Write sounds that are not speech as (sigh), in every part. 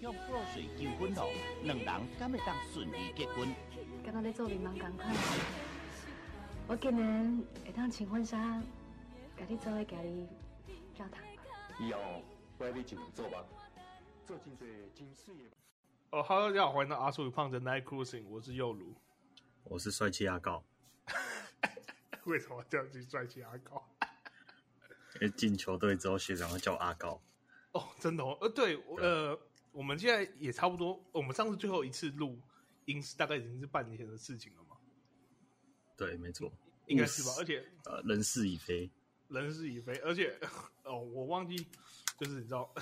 用破水求婚咯，兩人敢會當順利結婚？敢那咧做禮忙感慨，我今年會當請婚紗，家己做一家裡教堂。以後我哋就做吧。做哦，Hello，大家好，歡迎到阿叔與胖子 Night Cruising 我是侑儒，我是帥氣阿高。 (laughs) 為什麼叫你帥氣阿高？因為進 (laughs) 球隊之後，學長會叫我阿高。哦，真的哦，呃，對，對我呃。我們現在也差不多。我們上次最後一次錄，應是大概已經是半年前的事情了嘛？對，沒錯，應該是吧。色而且，呃，人事已非，人事已非。而且，哦，我忘記，就是你知道，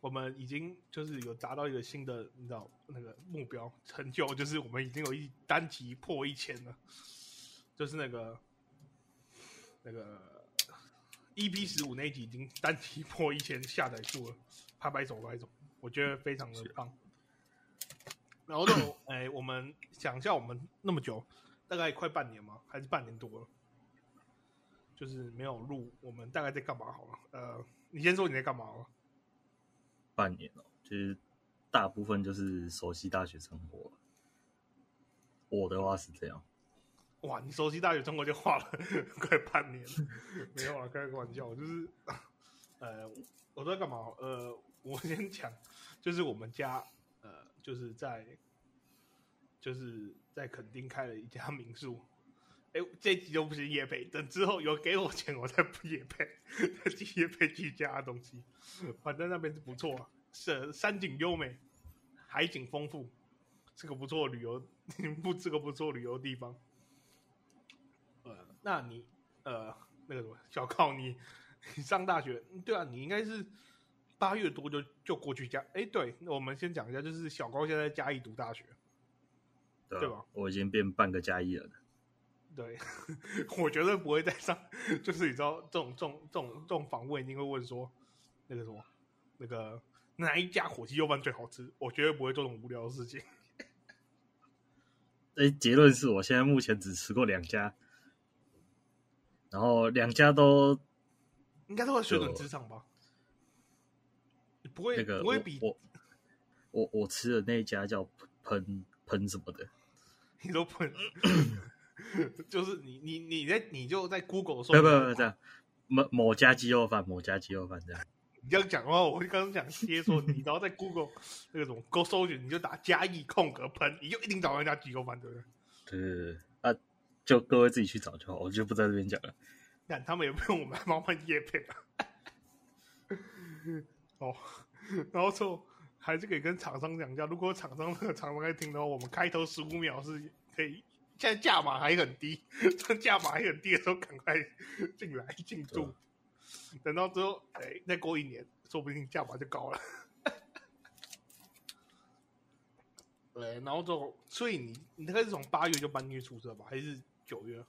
我們已經就是有達到一個新的，你知道那個目標成就，就是我們已經有一單集破一千了，就是那個那個 EP 十五那集已經單集破一千下載數了。他白手白手，我覺得非常的棒。啊、然後就哎、欸，我們想一下我們那麼久，大概快半年嘛，還是半年多了？就是沒有錄，我們大概在幹嘛？好了，呃，你先說你在幹嘛好了？半年了，就是大部分就是熟悉大學生活。我的話是這樣，哇，你熟悉大學生活就畫了快半年了， (laughs) 沒有啊，開個玩笑，我就是呃，我都在幹嘛？呃。我先講，就是我們家，呃，就是在，就是在墾丁開了一家民宿。哎，這集又不是業配，等之後有給我錢，我再不業配。業配居家的東西，反正那邊是不錯，啊，是山景優美，海景豐富，這個不錯的旅遊，不，這個不錯的旅遊地方。呃，那你，呃，那個什麼小告你你上大學，對啊，你應該是。加越多就就過去加，誒，對，那我們先講一下，就是小高現在，在嘉義讀大學，對，啊、對吧？我已經變半個嘉義了。對，我絕對不會再上，就是你知道，這種這種這種這種訪問一定會問說，那個什麼，那個哪一家火雞肉飯最好吃？我絕對不會做這種無聊的事情。誒，結論是我現在目前只吃過兩家，然後兩家都應該都在水準之上吧。不會，那個、不會比我我我吃的那家叫噴噴什麼的，你都噴， (coughs) (coughs) 就是你你你在你就在 Google 說，不要不要這樣，某某家雞肉飯，某家雞肉飯這樣。你這樣講的話，我就剛剛講先說， (laughs) 你然後在 Google 那個什麼 Go 搜尋，你就打嘉義空格噴，你就一定找到那家雞肉飯，對不對？對對對對，那、啊，就各位自己去找就好，我就不在這邊講了。但他們也不用我們幫忙業配了。 (laughs) 哦， (laughs) 然後之後還是可以跟廠商講價。如果廠商那個廠商在聽的話，我們開頭十五秒是可以，現在價碼還很低，這價碼還很低的時候進進，趕快進來進駐。等到之後，哎、欸，再過一年，說不定價碼就高了。 (laughs) 對，然後就，所以你你那個是從八月就搬進去宿舍吧，還是九月？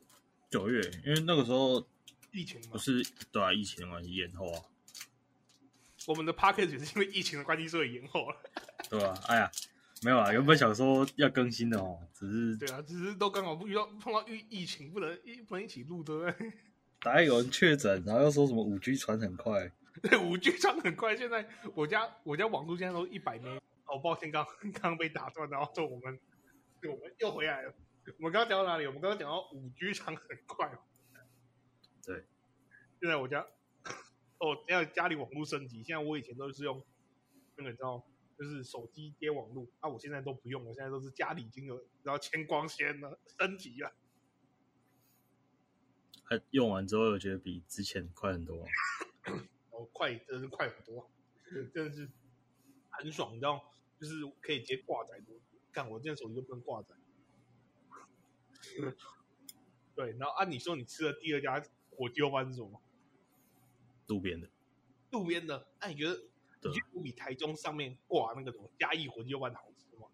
九月，因為那個時候疫情嘛，不是對啊，疫情嘛，延後啊。我們的 package 也是因為疫情的關係，所以延後了，對吧？啊？哎呀，沒有啊，原本想說要更新的哦，只是對啊，只是都剛好不遇到碰到疫疫情，不能一不能一起錄的，對不對？大家有人確診，然後又說什麼五 G 傳很快，對，五 G 傳很快。現在我家我家網速現在都一百 M，好抱歉，剛剛剛被打斷，然後我們我們又回來了。我剛剛講到哪裡？我們剛剛講到五 G 傳很快，對，現在我家。哦，現在家裡網絡升級。現在我以前都是用那個叫，就是手機接網絡。啊，我現在都不用，我現在都是家裡已經有，然後牽光纖了，升級了。用完之後我覺得比之前快很多。哦，快，真的是快很多， (laughs) 真的是很爽，你知道，就是可以直接掛載多，看我現在手機都不能掛載。 (laughs) 對。然後按、啊、你說，你吃了第二家火雞班是什麼？路邊的，路邊的，那你覺得對你去不比台中上面掛那個什麼嘉義魂肉飯好吃嗎？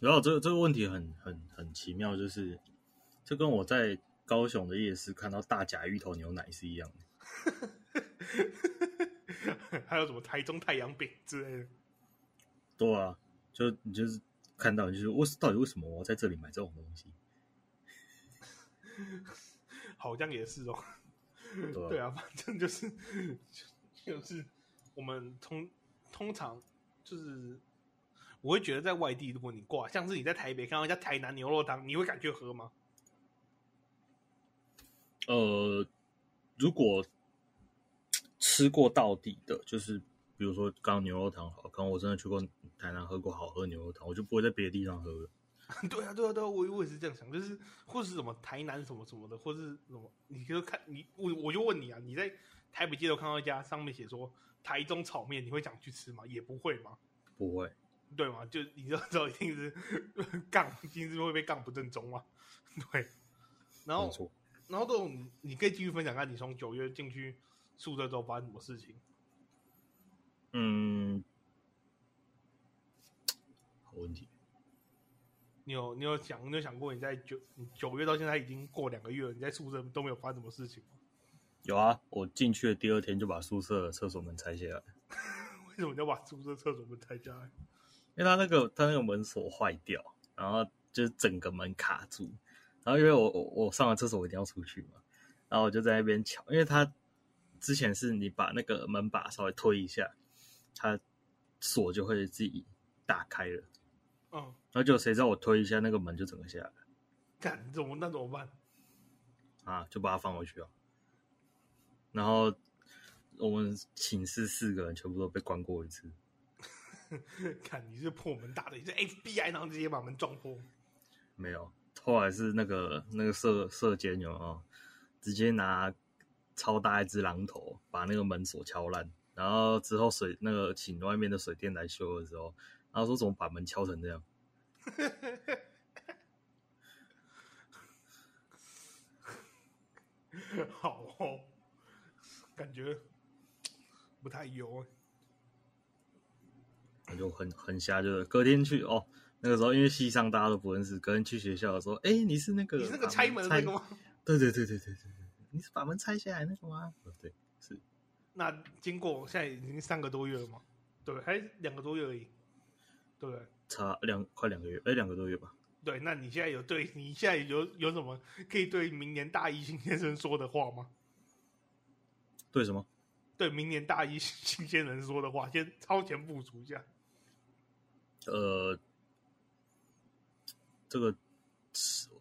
然後這個這個問題很很很奇妙，就是就跟我在高雄的夜市看到大甲芋頭牛奶是一樣的， (laughs) 還有什麼台中太陽餅之類的。對啊，就你就是看到你就說，就是我是到底為什麼我在這裡買這種東西？ (laughs) 好像也是哦、喔。對啊，反正就是、就是、就是我們通通常就是我會覺得在外地如果你掛，像是你在台北看到一家台南牛肉湯，你會敢去喝嗎？呃，如果吃過到底的，就是比如說剛剛牛肉湯，好，剛我真的去過台南喝過好喝牛肉湯，我就不會在別的地方喝了。 (laughs) 對啊，對啊，對啊，我我也是這樣想，就是或是什麼台南什麼什麼的，或是什麼，你就看你，我我就問你啊，你在台北街頭看到一家上面寫說台中炒麵，你會想去吃嗎？也不會嗎？不會，對嗎？就你知道之後一定是槓、嗯，一定是會被槓不正宗嘛？對。然後，沒錯。然後這種你可以繼續分享看，你從九月進去宿舍之後發生什麼事情？嗯。你有你有想你有想過，你在九你九月到現在已經過兩個月了，你在宿舍都沒有發生什麼事情嗎？有啊，我進去的第二天就把宿舍的廁所門拆下來。 (laughs) 為什麼要把宿舍廁所門拆下來？因為他那個他那個門鎖壞掉，然後就是整個門卡住。然後因為我我我上了廁所我一定要出去嘛，然後我就在那邊敲，因為他之前是你把那個門把稍微推一下，它鎖就會自己打開了。嗯，然後就誰知道我推一下那個門就整個下來了，幹，怎麼那怎麼辦？啊，就把它放回去了。然後我們寢室四個人全部都被關過一次。幹 (laughs) 你是破門大隊你是 FBI，然後直接把門撞破。沒有，後來是那個那個舍舍監有哦，直接拿超大一只榔頭把那個門鎖敲爛，然後之後水那個請外面的水電來修的時候。他說：“怎麼把門敲成這樣？” (laughs) 好、哦，感覺不太油。那就很很瞎，就是隔天去哦。那個時候因為系上大家都不認識，隔天去學校的時候，哎、欸，你是那個？你是那個拆門那個嗎？對對對對對對對，你是把門拆下來那個嗎？啊，對，是。那經過現在已經三個多月了嗎？對，還兩個多月而已。對對，差兩，快兩個月，哎，兩個多月吧？對，那你現在有，對，你現在有有什麼可以對明年大一新鮮人說的話嗎？對什麼？對明年大一新鮮人說的話，先超前部署一下。呃，這個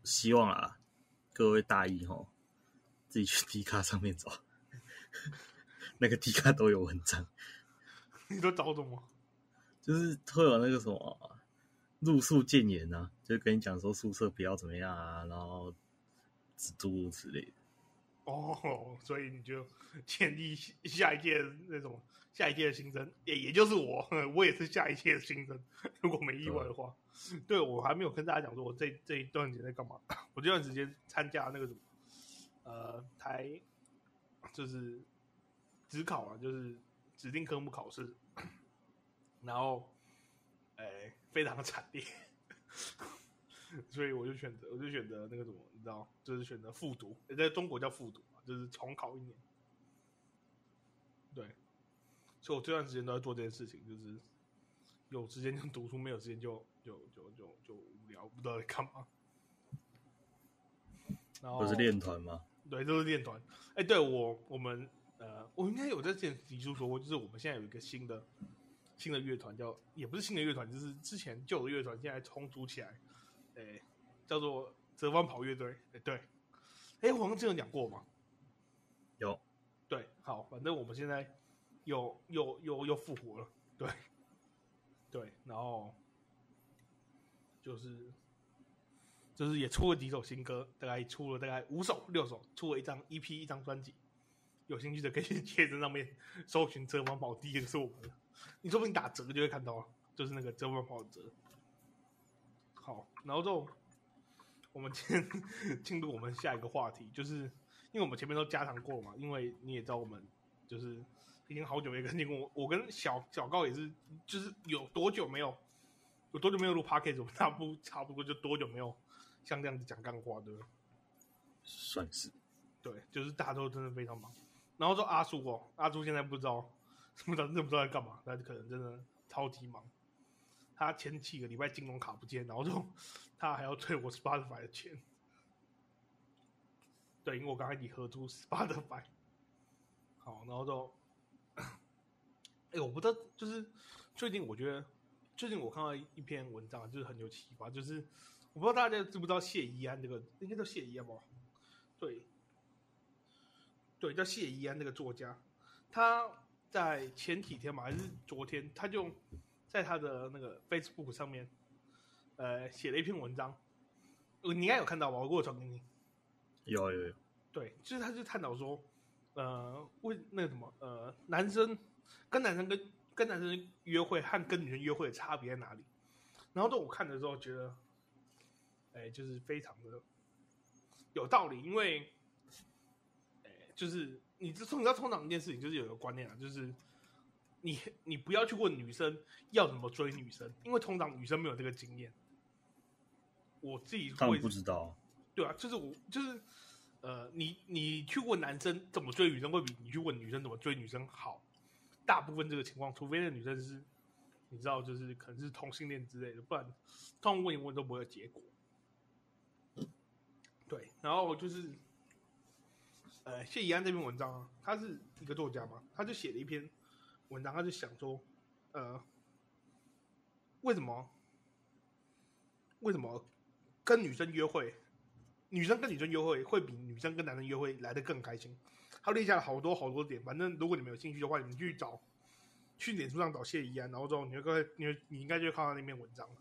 希望啊，各位大一吼、哦，自己去 D 卡上面找， (laughs) 那個 D 卡都有文章。 (laughs) 你都找懂嗎？就是會有那個什麼入宿建言啊，就跟你講說宿舍不要怎麼樣啊，然後制度之類的。哦，oh, 所以你就建立下一屆那種下一屆的新生，也也就是我，我也是下一屆的新生，如果沒意外的話。對，對，我還沒有跟大家講說我這一這一段時間在幹嘛。我這段時間參加那個什麼，呃，台就是指考啊，就是指定科目考試。然後，哎，非常的慘烈， (laughs) 所以我就選擇，我就選擇那個什麼，你知道，就是選擇復讀，在中國叫復讀嘛，就是重考一年。對，所以我這段時間都在做這件事情，就是有時間就讀書，沒有時間就就就就就無聊不知道在幹嘛。然後不是練團嗎？對，都是練團。哎，對，對我我們呃，我應該有在之前提出說過，我就是我們現在有一個新的。新的樂團叫，也不是新的樂團，就是之前舊的樂團現在重組起來，哎、欸，叫做折返跑樂隊，哎、欸、對，哎、欸、我們之前有講過嗎？有，對，好，反正我們現在又又又又復活了，對對，然後就是就是也出了幾首新歌，大概出了大概五首六首，出了一張 EP 一張專輯，有興趣的可以去帖子上面搜尋折返跑，第一個是我們你說不定打折就會看到，就是那個折不跑的折。好，然後就我們進進入我們下一個話題，就是因為我們前面都加長過嘛，因為你也知道我們就是已經好久沒更新過，我跟小小高也是，就是有多久沒有有多久沒有錄 Podcast 我們差不差不多就多久沒有像這樣子講幹話，對算是，子對，就是大家都真的非常忙。然後說阿叔哦，阿朱現在不知道。什麼？真的不知道在幹嘛？那可能真的超級忙。他前幾個禮拜金融卡不見，然後就他還要退我 Spotify 的錢。對，因為我剛開始合租 Spotify。好，然後就哎、欸，我不知道，就是最近我覺得最近我看到一篇文章，就是很有啟發。就是我不知道大家知不知道謝宜安這個，應該叫謝宜安吧？對，對，叫謝宜安那個作家，他。在前幾天嘛，還是昨天，他就在他的那個 Facebook 上面，呃，寫了一篇文章。呃、你應該有看到吧，我過會傳給你。有有有。有有對，就是他就探討說，呃，為那個什麼，呃，男生跟男生跟跟男生約會和跟女生約會的差別在哪裡？然後當我看的時候，覺得，哎、呃，就是非常的有道理，因為，哎、呃，就是。你這通你知道通常一件事情就是有一個觀念啊，就是你你不要去問女生要怎麼追女生，因為通常女生沒有這個經驗。我自己會，他們不知道，對啊，就是我就是呃，你你去問男生怎麼追女生，會比你去問女生怎麼追女生好。大部分這個情況，除非那女生是你知道，就是可能是同性戀之類的，不然通常問一問都不會有結果。對，然後就是。呃，謝宜安這篇文章啊，他是一個作家嘛，他就寫了一篇文章，他就想說，呃，為什麼，為什麼跟女生約會，女生跟女生約會會比女生跟男生約會來得更開心？他列下了好多好多點，反正如果你們有興趣的話，你們去找，去臉書上找謝宜安，然後之後你就看，你會你應該就會看到那篇文章了。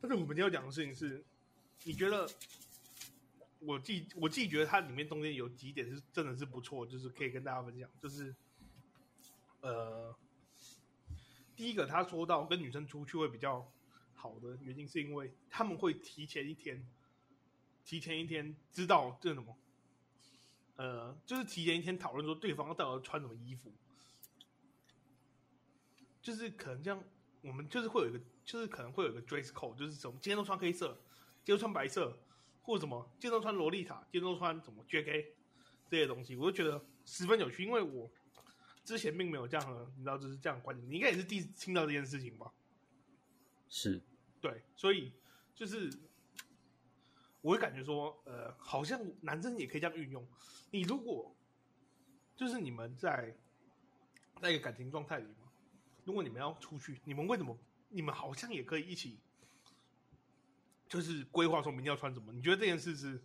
但是我們今天要講的事情是，你覺得？我自己我自己覺得它裡面中間有幾點是真的是不錯，就是可以跟大家分享。就是，呃，第一個他說到跟女生出去會比較好的原因，是因為他們會提前一天，提前一天知道這什麼，呃，就是提前一天討論說對方到底穿什麼衣服，就是可能這樣，我們就是會有一個，就是可能會有一個 dress code，就是什麼，今天都穿黑色，今天都穿白色。或者什麼劍道穿洛麗塔劍道穿什麼 JK 這些東西，我都覺得十分有趣，因為我之前並沒有這樣，你知道這、就是這樣的觀點，你應該也是第一次聽到這件事情吧？是，對，所以就是我會感覺說，呃，好像男生也可以這樣運用。你如果就是你們在在一個感情狀態裡嘛，如果你們要出去，你們為什麼？你們好像也可以一起。就是規劃說明天要穿什麼，你覺得這件事是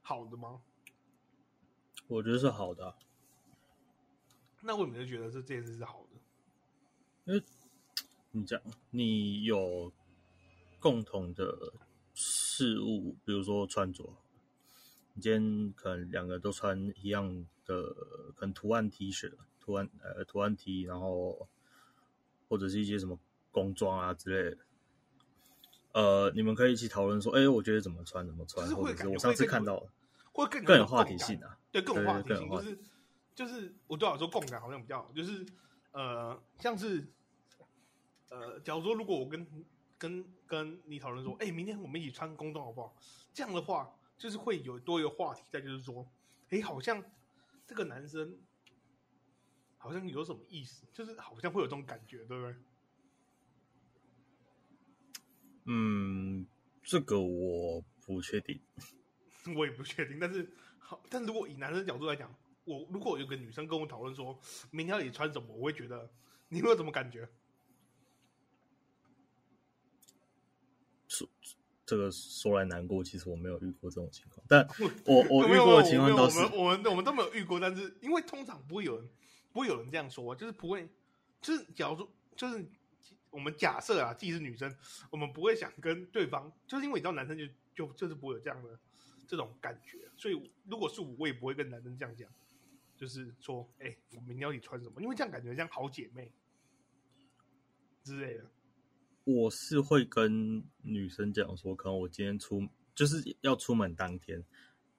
好的嗎？我覺得是好的啊。那為什麼就覺得這這件事是好的？因為你講，你有共同的事物，比如說穿着，你今天可能兩個都穿一樣的，可能圖案 T 恤、圖案呃圖案 T，然後或者是一些什麼工裝啊之類的。呃，你們可以一起討論說，哎、欸，我覺得怎麼穿怎麼穿，或者是我上次看到了，會更會更，有、啊、更有話題性啊。對，對就是、更有話題性就是就是我對我說共感好像比較好,就是呃，像是呃，假如說如果我跟跟跟你討論說，哎、嗯，明天我們一起穿工裝好不好？這樣的話就是會有多一個話題在，再就是說，哎，好像這個男生好像有什麼意思，就是好像會有這種感覺，對不對？嗯，這個我不確定， (laughs) 我也不確定。但是，好，但如果以男生角度來講，我如果有個女生跟我討論說明天到底穿什麼，我會覺得你有沒有什麼感覺？說這個說來難過，其實我沒有遇過這種情況，但我 (laughs) 我，我遇過的情況都是 (laughs) 我們我們，我們都沒有遇過。 (laughs) 但是，因為通常不會有人不會有人這樣說啊，就是不會，就是假如說就是。我們假設啊，自己是女生，我們不會想跟對方，就是因為你知道男生就就就是不會有這樣的這種感覺，所以如果是我，我也不會跟男生這樣講，就是說，哎、欸，我明天要你穿什麼，因為這樣感覺像好姐妹之類的。我是會跟女生講說，可能我今天出就是要出門當天，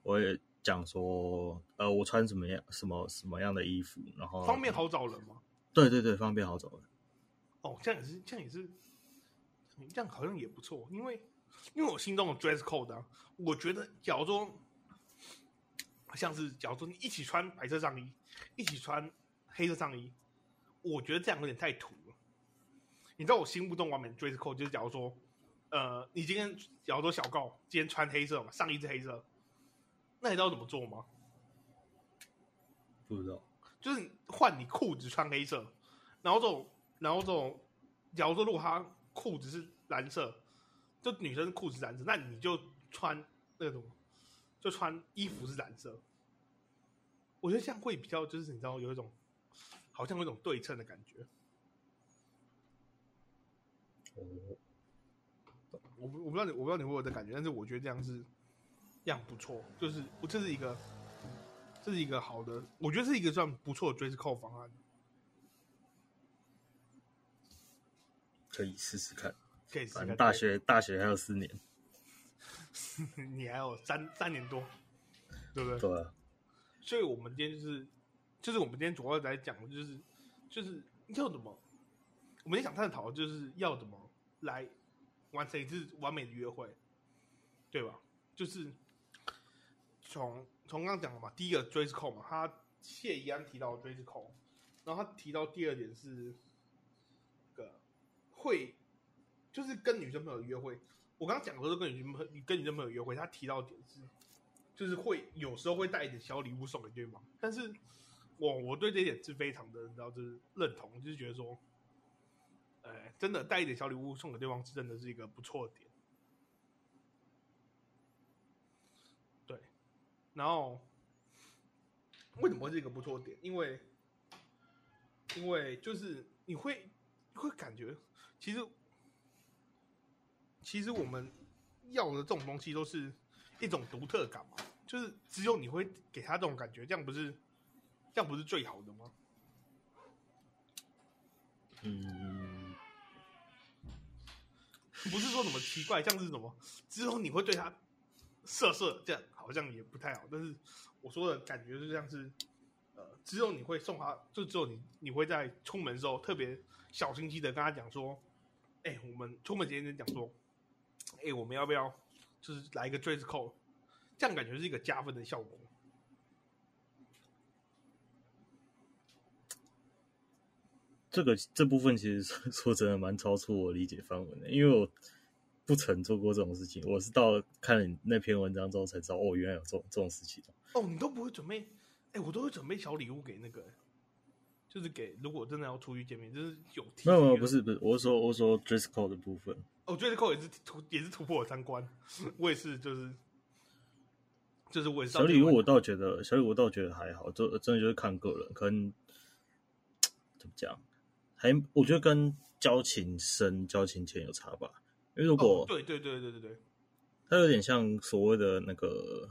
我也講說，呃，我穿什麼樣、什麼什麼樣的衣服，然後方便好找人嗎？對對對，方便好找人。哦，這樣也是，這樣也是，這樣好像也不錯。因為，因為我心中的 dress code，啊，我覺得，假如說，像是，假如說你一起穿白色上衣，一起穿黑色上衣，我覺得這樣有點太土了。你知道我心目中的完美 dress code 就是，假如說，呃，你今天假如說小告今天穿黑色嘛，上衣是黑色，那你知道怎麼做嗎？不知道，就是換你褲子穿黑色，然後這種。然後這種，假如說如果他褲子是藍色，就女生褲子是藍色。那你就穿那種，就穿衣服是藍色。我覺得這樣會比較，就是你知道有一種，好像有一種對稱的感覺。嗯、我我不我不知道你我不知道你會有怎樣的感覺，但是我覺得這樣是，這樣不錯，就是這是一個，這是一個好的，我覺得是一個算不錯的 dress code 方案。可以試試看，可以試大學對大學還有四年， (laughs) 你還有三三年多，對不對？對、啊。所以，我們今天就是就是我們今天主要在講，就是就是要怎麼，我們今天想探討，就是要怎麼來完成一次完美的約會，對吧？就是從從剛剛講了嘛，第一個追思控嘛，他謝怡安提到追思控，然後他提到第二點是。會就是跟女生朋友約會，我剛剛講的都跟女生朋跟女生朋友約會。他提到點是，就是會有時候會帶一點小禮物送給對方，但是我我對這一點是非常的，你知道，就是認同，就是覺得說，哎，真的帶一點小禮物送給對方，是真的是一個不錯的點。對，然後為什麼會是一個不錯的點？因為因為就是你會你會感覺。其實，其實我們要的這種東西都是一種獨特感嘛，就是只有你會給他這種感覺，這樣不是，這樣不是最好的嗎？嗯，不是說什麼奇怪，這樣是什麼？只有你會對他色色，這樣好像也不太好。但是我說的感覺就像是，呃，只有你會送他，就只有你你會在出門時候特別小心機的跟他講說。哎、欸，我們出門前就講說，哎、欸，我們要不要就是來一個 dress code，這樣感覺是一個加分的效果。這個這部分其實說說真的蠻超出我理解範圍的，因為我不曾做過這種事情。我是到看了你那篇文章之後才知道，哦，原來有這種這種事情。哦，你都不會準備？哎、欸，我都會準備小禮物給那個。就是給，如果真的要出去見面，就是有提。沒有，沒不是不是，我是說我是說 dress code 的部分，哦、oh，dress code 也，也是突也是突破了三觀， (laughs) 我也是就是就是我也是小禮物，我倒覺得小禮物我倒覺得還好，就真的就是看個人，可能怎麼講，還我覺得跟交情深、交情淺有差吧，因為如果、oh, 對對對對對對，它有點像所謂的那個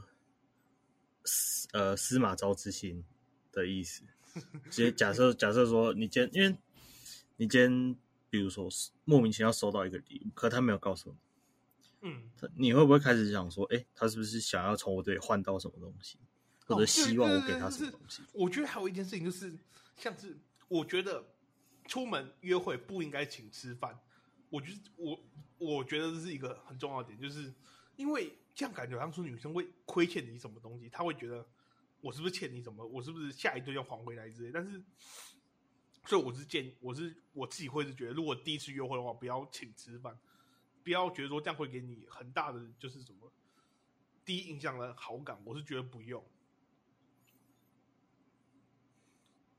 司呃司馬昭之心的意思。直接假設假設說，你今天因為你今天，比如說是莫名其妙收到一個禮物，可是他沒有告訴你，嗯，你會不會開始想說，哎、欸，他是不是想要從我這裡換到什麼東西，哦、或者希望我給他什麼東西？對對對就是，我覺得還有一件事情就是，像是我覺得出門約會不應該請吃飯，我覺、就、得、是、我我覺得這是一個很重要的點，就是因為這樣感覺，他們說女生會虧欠你什麼東西，她會覺得。我是不是欠你什麼？我是不是下一頓要還回來之類？但是，所以我是建議，我是我自己會是覺得，如果第一次約會的話，不要請吃飯，不要覺得說這樣會給你很大的就是什麼第一印象的好感。我是覺得不用。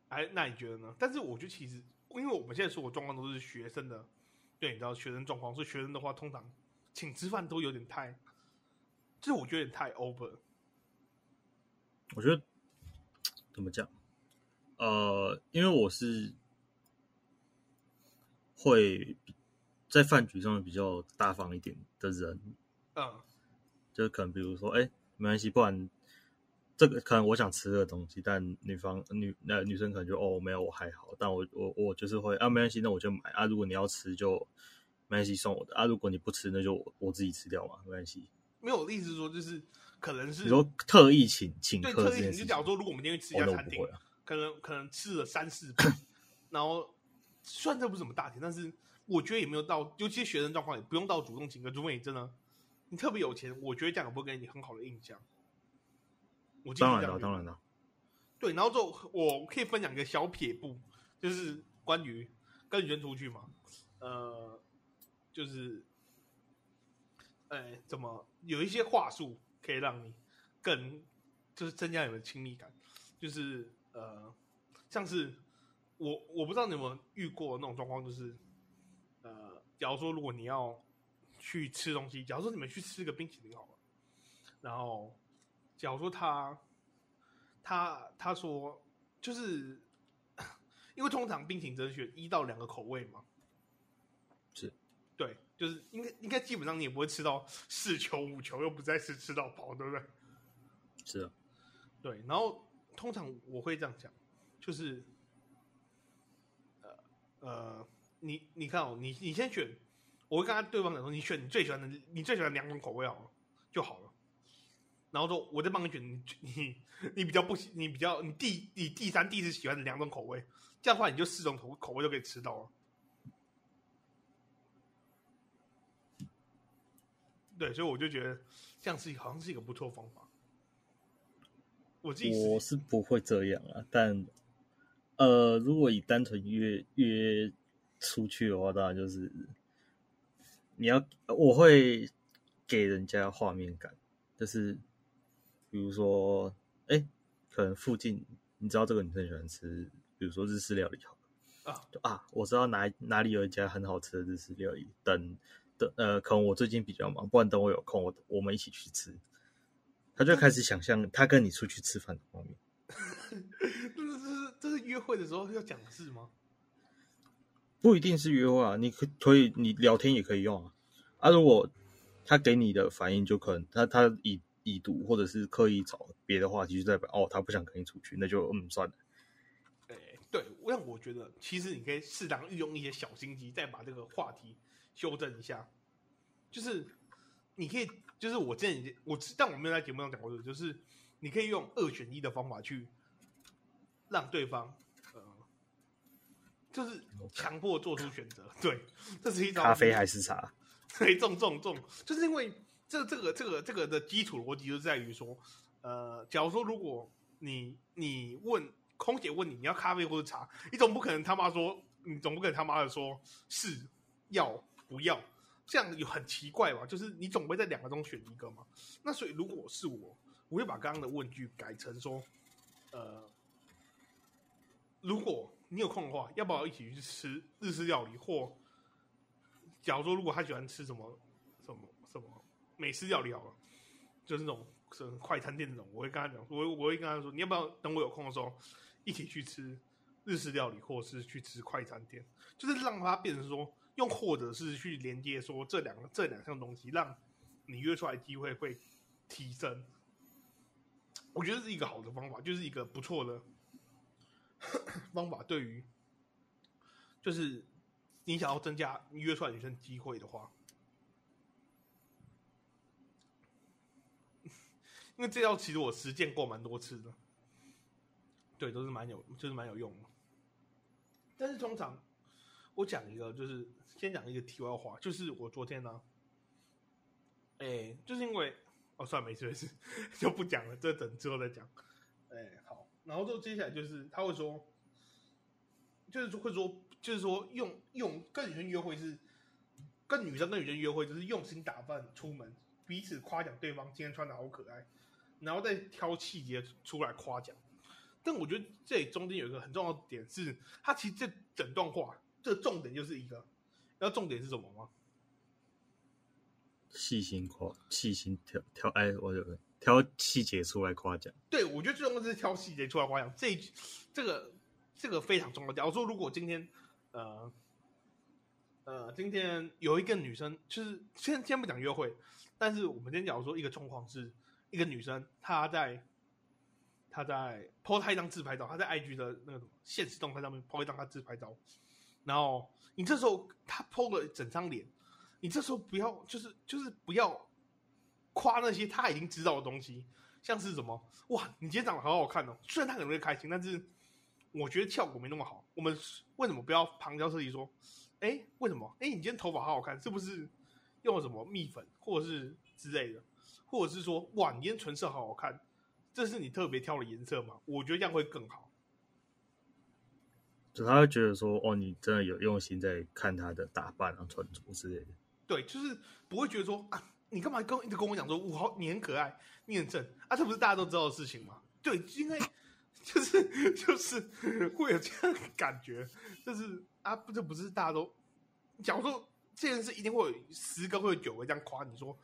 哎，那你覺得呢？但是我覺得其實，因為我們現在所有狀況都是學生的，對，你知道學生狀況，所以學生的話，通常請吃飯都有點太，這我覺得有點太 open 我覺得怎麼講？呃，因為我是會在飯局上面比較大方一點的人，嗯，就可能比如說，哎，沒關係，不然這個可能我想吃的東西，但女方女那、呃、女生可能就哦，沒有，我還好，但我我我就是會啊，沒關係，那我就買啊，如果你要吃就沒關係，送我的啊，如果你不吃那就我我自己吃掉嘛，沒關係。沒有，我的意思是說就是。可能是說特意請請客，對特意請，你就假如說，如果我們今天去吃一家餐廳，哦啊、可能可能吃了三四杯， (coughs) 然後雖然這不是什麼大錢，但是我覺得也沒有到，尤其學生狀況也不用到主動請客。如果你真的你特別有錢，我覺得這樣也不會給你很好的印象。我當然了，當然了，對。然後就我可以分享一個小撇步，就是關於跟人出去嘛，呃，就是哎，怎麼有一些話術，可以讓你更就是增加你們的親密感，就是呃，像是我我不知道你們遇過那種狀況，就是呃，假如說如果你要去吃東西，假如說你們去吃個冰淇淋好了，然後假如說他他他說，就是因為通常冰淇淋只能選一到兩個口味嘛，是，對。就是應該應該基本上你也不會吃到四球五球，又不再是吃到飽，對不對？是的、啊，對。然後通常我會這樣講，就是，呃呃，你你看哦，你你先選，我會跟他對方講說，你選你最喜歡的，你最喜歡兩種口味哦，就好了。然後說，我再幫你選，你你你比較不喜，你比較你第你第三、第四喜歡的兩種口味，這樣的話你就四種口味口味都可以吃到了。對，所以我就覺得這樣是好像是一個不錯方法。我是我是不會這樣啊，但呃，如果以單純約約出去的話，當然就是你要我會給人家畫面感，就是比如說哎，可能附近你知道這個女生喜歡吃，比如說日式料理好，好啊，就啊，我知道哪哪裡有一家很好吃的日式料理，等。呃，可能我最近比較忙，不然等我有空，我我們一起去吃。他就開始想象他跟你出去吃飯的畫面。 (laughs) 這是這是約會的時候要講的事嗎？不一定是約會啊，你可以你聊天也可以用啊。啊，如果他給你的反應就可能他他已，已讀，或者是刻意找別的話題，就代表哦，他不想跟你出去，那就嗯算了。欸、對，讓我覺得其實你可以適當運用一些小心機，再把這個話題。修正一下，就是你可以，就是我之前我但我沒有在節目上講過，就是你可以用二選一的方法去讓對方，呃，就是強迫做出選擇。Okay. 對，這是一種咖啡還是茶？對，種、種、種，就是因為這個、這個、這個、這個的基礎邏輯就在於說，呃，假如說如果你你問空姐問你你要咖啡或者茶，你總不可能他媽說，你總不可能他媽的說是要。不要這樣，有很奇怪吧？就是你總會在兩個中選一個嘛。那所以如果是我，我會把剛剛的問句改成說：呃，如果你有空的話，要不要一起去吃日式料理？或假如說如果他喜歡吃什麼什麼什麼美式料理啊，就是那種什麼快餐店那種，我會跟他講，我我會跟他說，你要不要等我有空的時候一起去吃日式料理，或是去吃快餐店？就是讓他變成說。又或者是去連接說這兩個這兩項東西，讓你約出來機會會提升。我覺得是一個好的方法，就是一個不錯的 (coughs) 方法。對於就是你想要增加約出來女生機會的話，因為這招其實我實踐過蠻多次的，對，都是蠻有就是蠻有用的。但是通常。我講一個，就是先講一個題外話，就是我昨天呢、啊，哎、欸，就是因為哦，算了，沒事沒事，就不講了，這等之後再講。哎、欸，好，然後就接下來就是他會說，就是會說，就是說用用跟女生約會是跟女生跟女生約會，就是用心打扮出門，彼此誇獎對方今天穿得好可愛，然後再挑細節出來誇獎。但我覺得這裡中間有一個很重要的點是，他其實這整段話。這重點就是一個，要重點是什麼嗎？細心誇，細心挑挑哎，我有個挑細節出來誇獎。對，我覺得最重要是挑細節出來誇獎。這這個這個非常重要。假如說，如果今天呃呃今天有一個女生，就是先先不講約會，但是我們先講說一個狀況是，一個女生她在她在 po 她一張自拍照，她在 IG 的那個什麼限時動態上面 po 一張她自拍照。然後你這時候他 po 了整張臉，你這時候不要就是就是不要誇那些他已經知道的東西，像是什麼哇，你今天長得好好看哦。雖然他可能會開心，但是我覺得效果沒那麼好。我們為什麼不要旁敲側擊說，哎，為什麼？哎，你今天頭髮好好看，是不是用了什麼蜜粉或者是之類的，或者是說哇，你今天唇色好好看，這是你特別挑的顏色嗎？我覺得這樣會更好。就他會覺得說，哦，你真的有用心在看他的打扮啊、穿着之類的。對，就是不會覺得說，啊，你幹嘛跟一直跟我講說，我好，你很可愛，你很正啊，這不是大家都知道的事情嗎？對，因為就是就是會有這樣的感覺，就是啊，不這不是大家都，假如說這件事一定會有十個或者九個這樣誇你說，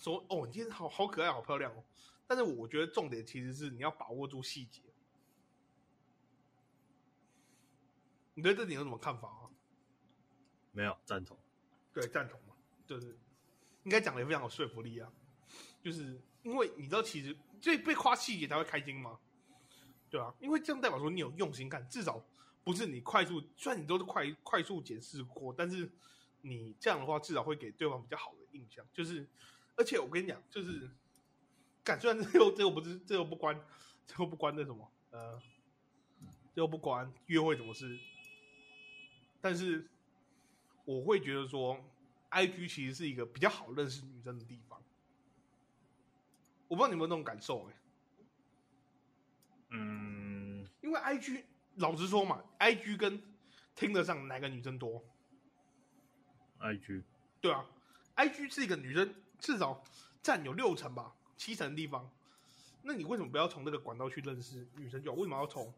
說哦，你今天好好可愛，好漂亮哦。但是我覺得重點其實是你要把握住細節。你對這點有什麼看法啊？沒有贊同，對，贊同嘛，就是應該講的也非常有說服力啊。就是因為你知道，其實最被誇細節才會開心嘛，對吧、啊？因為這樣代表說你有用心幹，至少不是你快速，雖然你都是快快速解釋過，但是你這樣的話至少會給對方比較好的印象。就是，而且我跟你講，就是，感雖然這又這又不是這又不關這又不關那什麼，呃，這又、嗯、不關約會什麼事。但是我會覺得說，IG 其實是一個比較好認識女生的地方。我不知道你有沒有那種感受哎。嗯，因為 IG 老實說嘛，IG 跟聽得上哪個女生多？IG。對啊，IG 是一個女生至少占有六成吧、七成的地方。那你為什麼不要從這個管道去認識女生？就為什麼要從？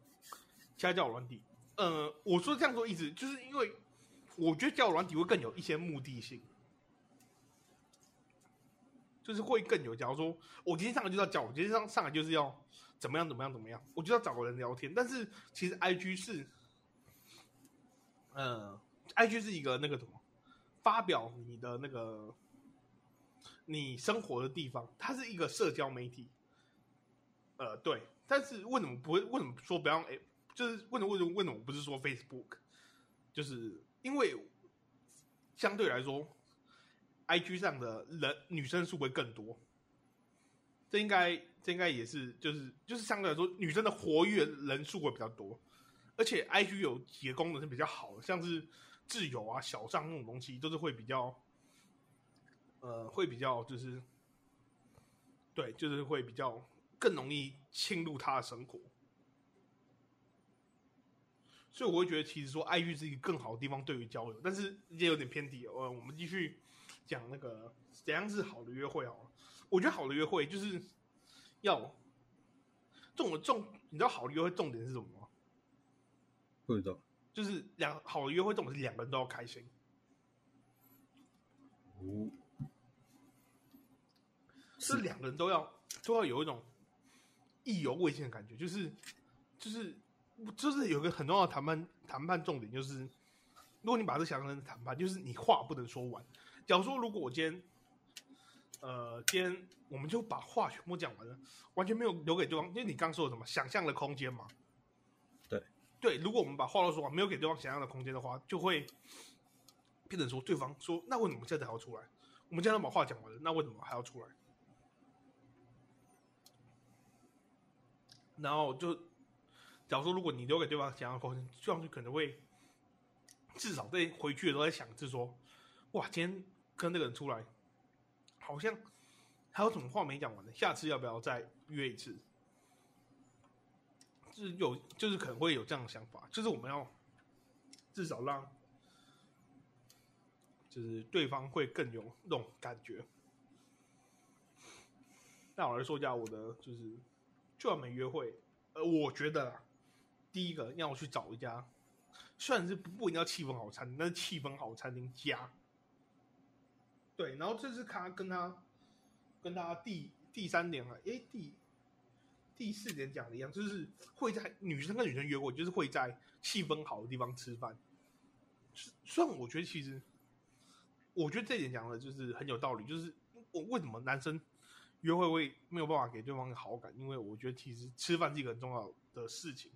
交友軟體？呃，我說這樣做意思，就是因為我覺得交友軟體會更有一些目的性，就是會更有，假如說我今天上來就要叫，我今天上上來就是要怎麼樣怎麼樣怎麼樣，我就要找個人聊天。但是其實 I G 是，呃，I G 是一個那個什麼，發表你的那個你生活的地方，它是一個社交媒體。呃，對，但是為什麼不會？為什麼說不要哎。就是問了問了問了我，不是說 Facebook，就是因為相對來說，IG 上的人女生數會更多，這應該這應該也是就是就是相對來說女生的活躍人數會比較多，而且 IG 有幾個功能是比較好的，像是摯友啊小賬那種東西都是會比較，呃，會比較就是，對就是會比較更容易侵入她的生活。所以我會覺得，其實說愛欲是一個更好的地方，對於交流，但是也有點偏低哦、呃。我們繼續講那個怎樣是好的約會好了。我覺得好的約會就是要這種重，你知道好的約會重點是什麼嗎？不知道。就是兩好的約會重點是兩個人都要開心。哦。是兩個人都要都要有一種意猶未盡的感覺，就是就是。就是有個很重要的談判談判重點就是，如果你把這想象成談判，就是你話不能說完。假如說，如果我今天，呃，今天我們就把話全部講完了，完全沒有留給對方，因為你剛說的什麼想象的空間嘛。對對，如果我們把話都說完，沒有給對方想象的空間的話，就會變成說對方說，那為什麼現在還要出來？我們現在都把話講完了，那為什麼還要出來？然後就。假如說，如果你留給對方想要的話，上去可能會至少在回去的時候，都在想，就是說，哇，今天跟那個人出來，好像還有什麼話沒講完呢，下次要不要再約一次？就是有，就是可能會有這樣的想法，就是我們要至少讓，就是對方會更有那種感覺。那我來說一下我的，就是就算沒約會，呃，我覺得。第一個讓我去找一家，雖然是不不一定要氣氛好餐廳，但是氣氛好餐廳家。對，然後這是他跟他跟他第第三點啊，誒、欸，第第四點講的一樣，就是會在女生跟女生約會，就是會在氣氛好的地方吃飯。是，雖然我覺得其實我覺得這點講的就是很有道理，就是我為什麼男生約會會沒有辦法給對方好感，因為我覺得其實吃飯是一個很重要的事情。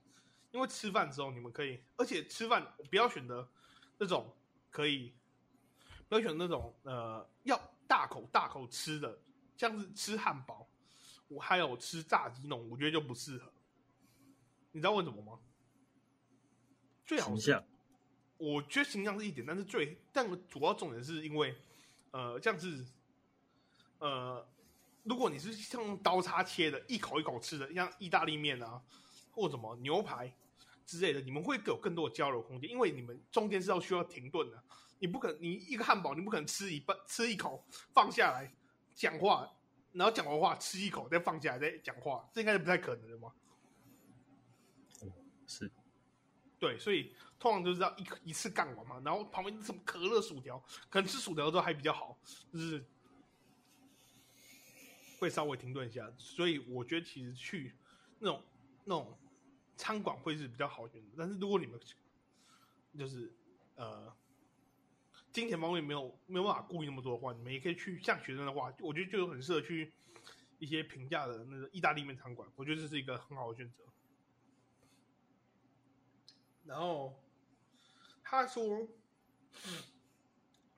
因為吃飯之後你們可以，而且吃飯不要選擇那種可以不要選擇那種呃要大口大口吃的，像是吃漢堡，我還有吃炸雞弄，我覺得就不適合。你知道為什麼嗎？最好吃，像我覺得形象是一點，但是最但主要重點是因為呃這樣子呃如果你是像刀叉切的，一口一口吃的，像意大利麵啊。或什麼牛排之類的，你們會有更多的交流空間，因為你們中間是要需要停頓的啊。你不可能，你一個漢堡，你不可能吃一半吃一口放下來講話，然後講完話吃一口再放下來再講話，這應該是不太可能的嘛。是，對，所以通常就是要一一次幹完嘛。然後旁邊什麼可樂薯條，可能吃薯條的時候還比較好，就是會稍微停頓一下。所以我覺得其實去那種那種。餐館會是比較好的選擇，但是如果你們就是呃金錢方面沒有沒有辦法顧及那麼多的話，你們也可以去像學生的話，我覺得就很適合去一些平價的那個意大利麵餐館，我覺得這是一個很好的選擇。然後他說，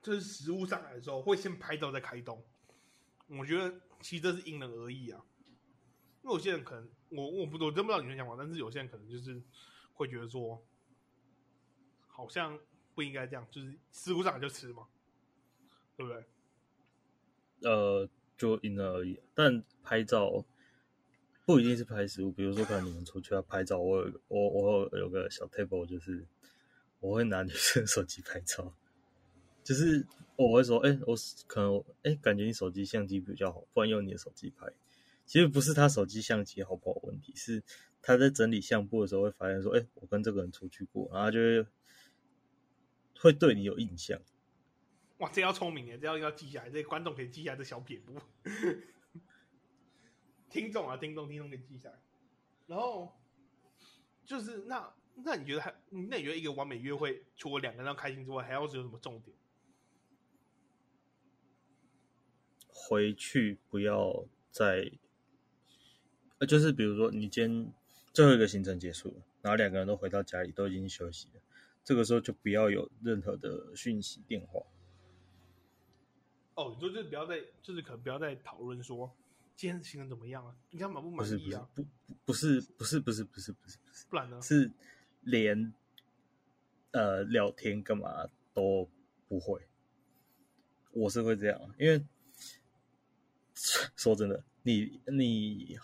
就是食物上來的時候會先拍照再開動，我覺得其實這是因人而異啊，因為有些人可能。我我不我真不知道你們的想法，但是有些人可能就是會覺得說，好像不應該這樣，就是食物上來就吃嘛，對不對？呃，就因人而異。但拍照不一定是拍食物，比如說可能你們出去要拍照，我有我我有個小 table，就是我會拿女生的手機拍照，就是我會說，哎、欸，我可能哎、欸、感覺你手機相機比較好，不然用你的手機拍。其實不是他手機相機好不好問題，是他在整理相簿的時候會發現說：“哎，我跟這個人出去過。”然後就會對你有印象。哇，這要聰明哎，這要要記下來。這觀眾可以記下來，這小撇步。 (laughs) 聽眾啊，聽眾，聽眾可以記下來。然後就是那那你覺得還你那你覺得一個完美約會，除了兩個人要開心之外，還要是有什麼重點？回去不要再。就是比如說，你今天最後一個行程結束了，然後兩個人都回到家裡，都已經休息了。這個時候就不要有任何的訊息、電話。哦，你說就是不要再，就是可能不要再討論說今天行程怎麼樣啊？你滿不滿意啊？不是不是不是不是不是不是不是不是，不然呢？是連呃聊天幹嘛都不會。我是會這樣，因為說真的，你你。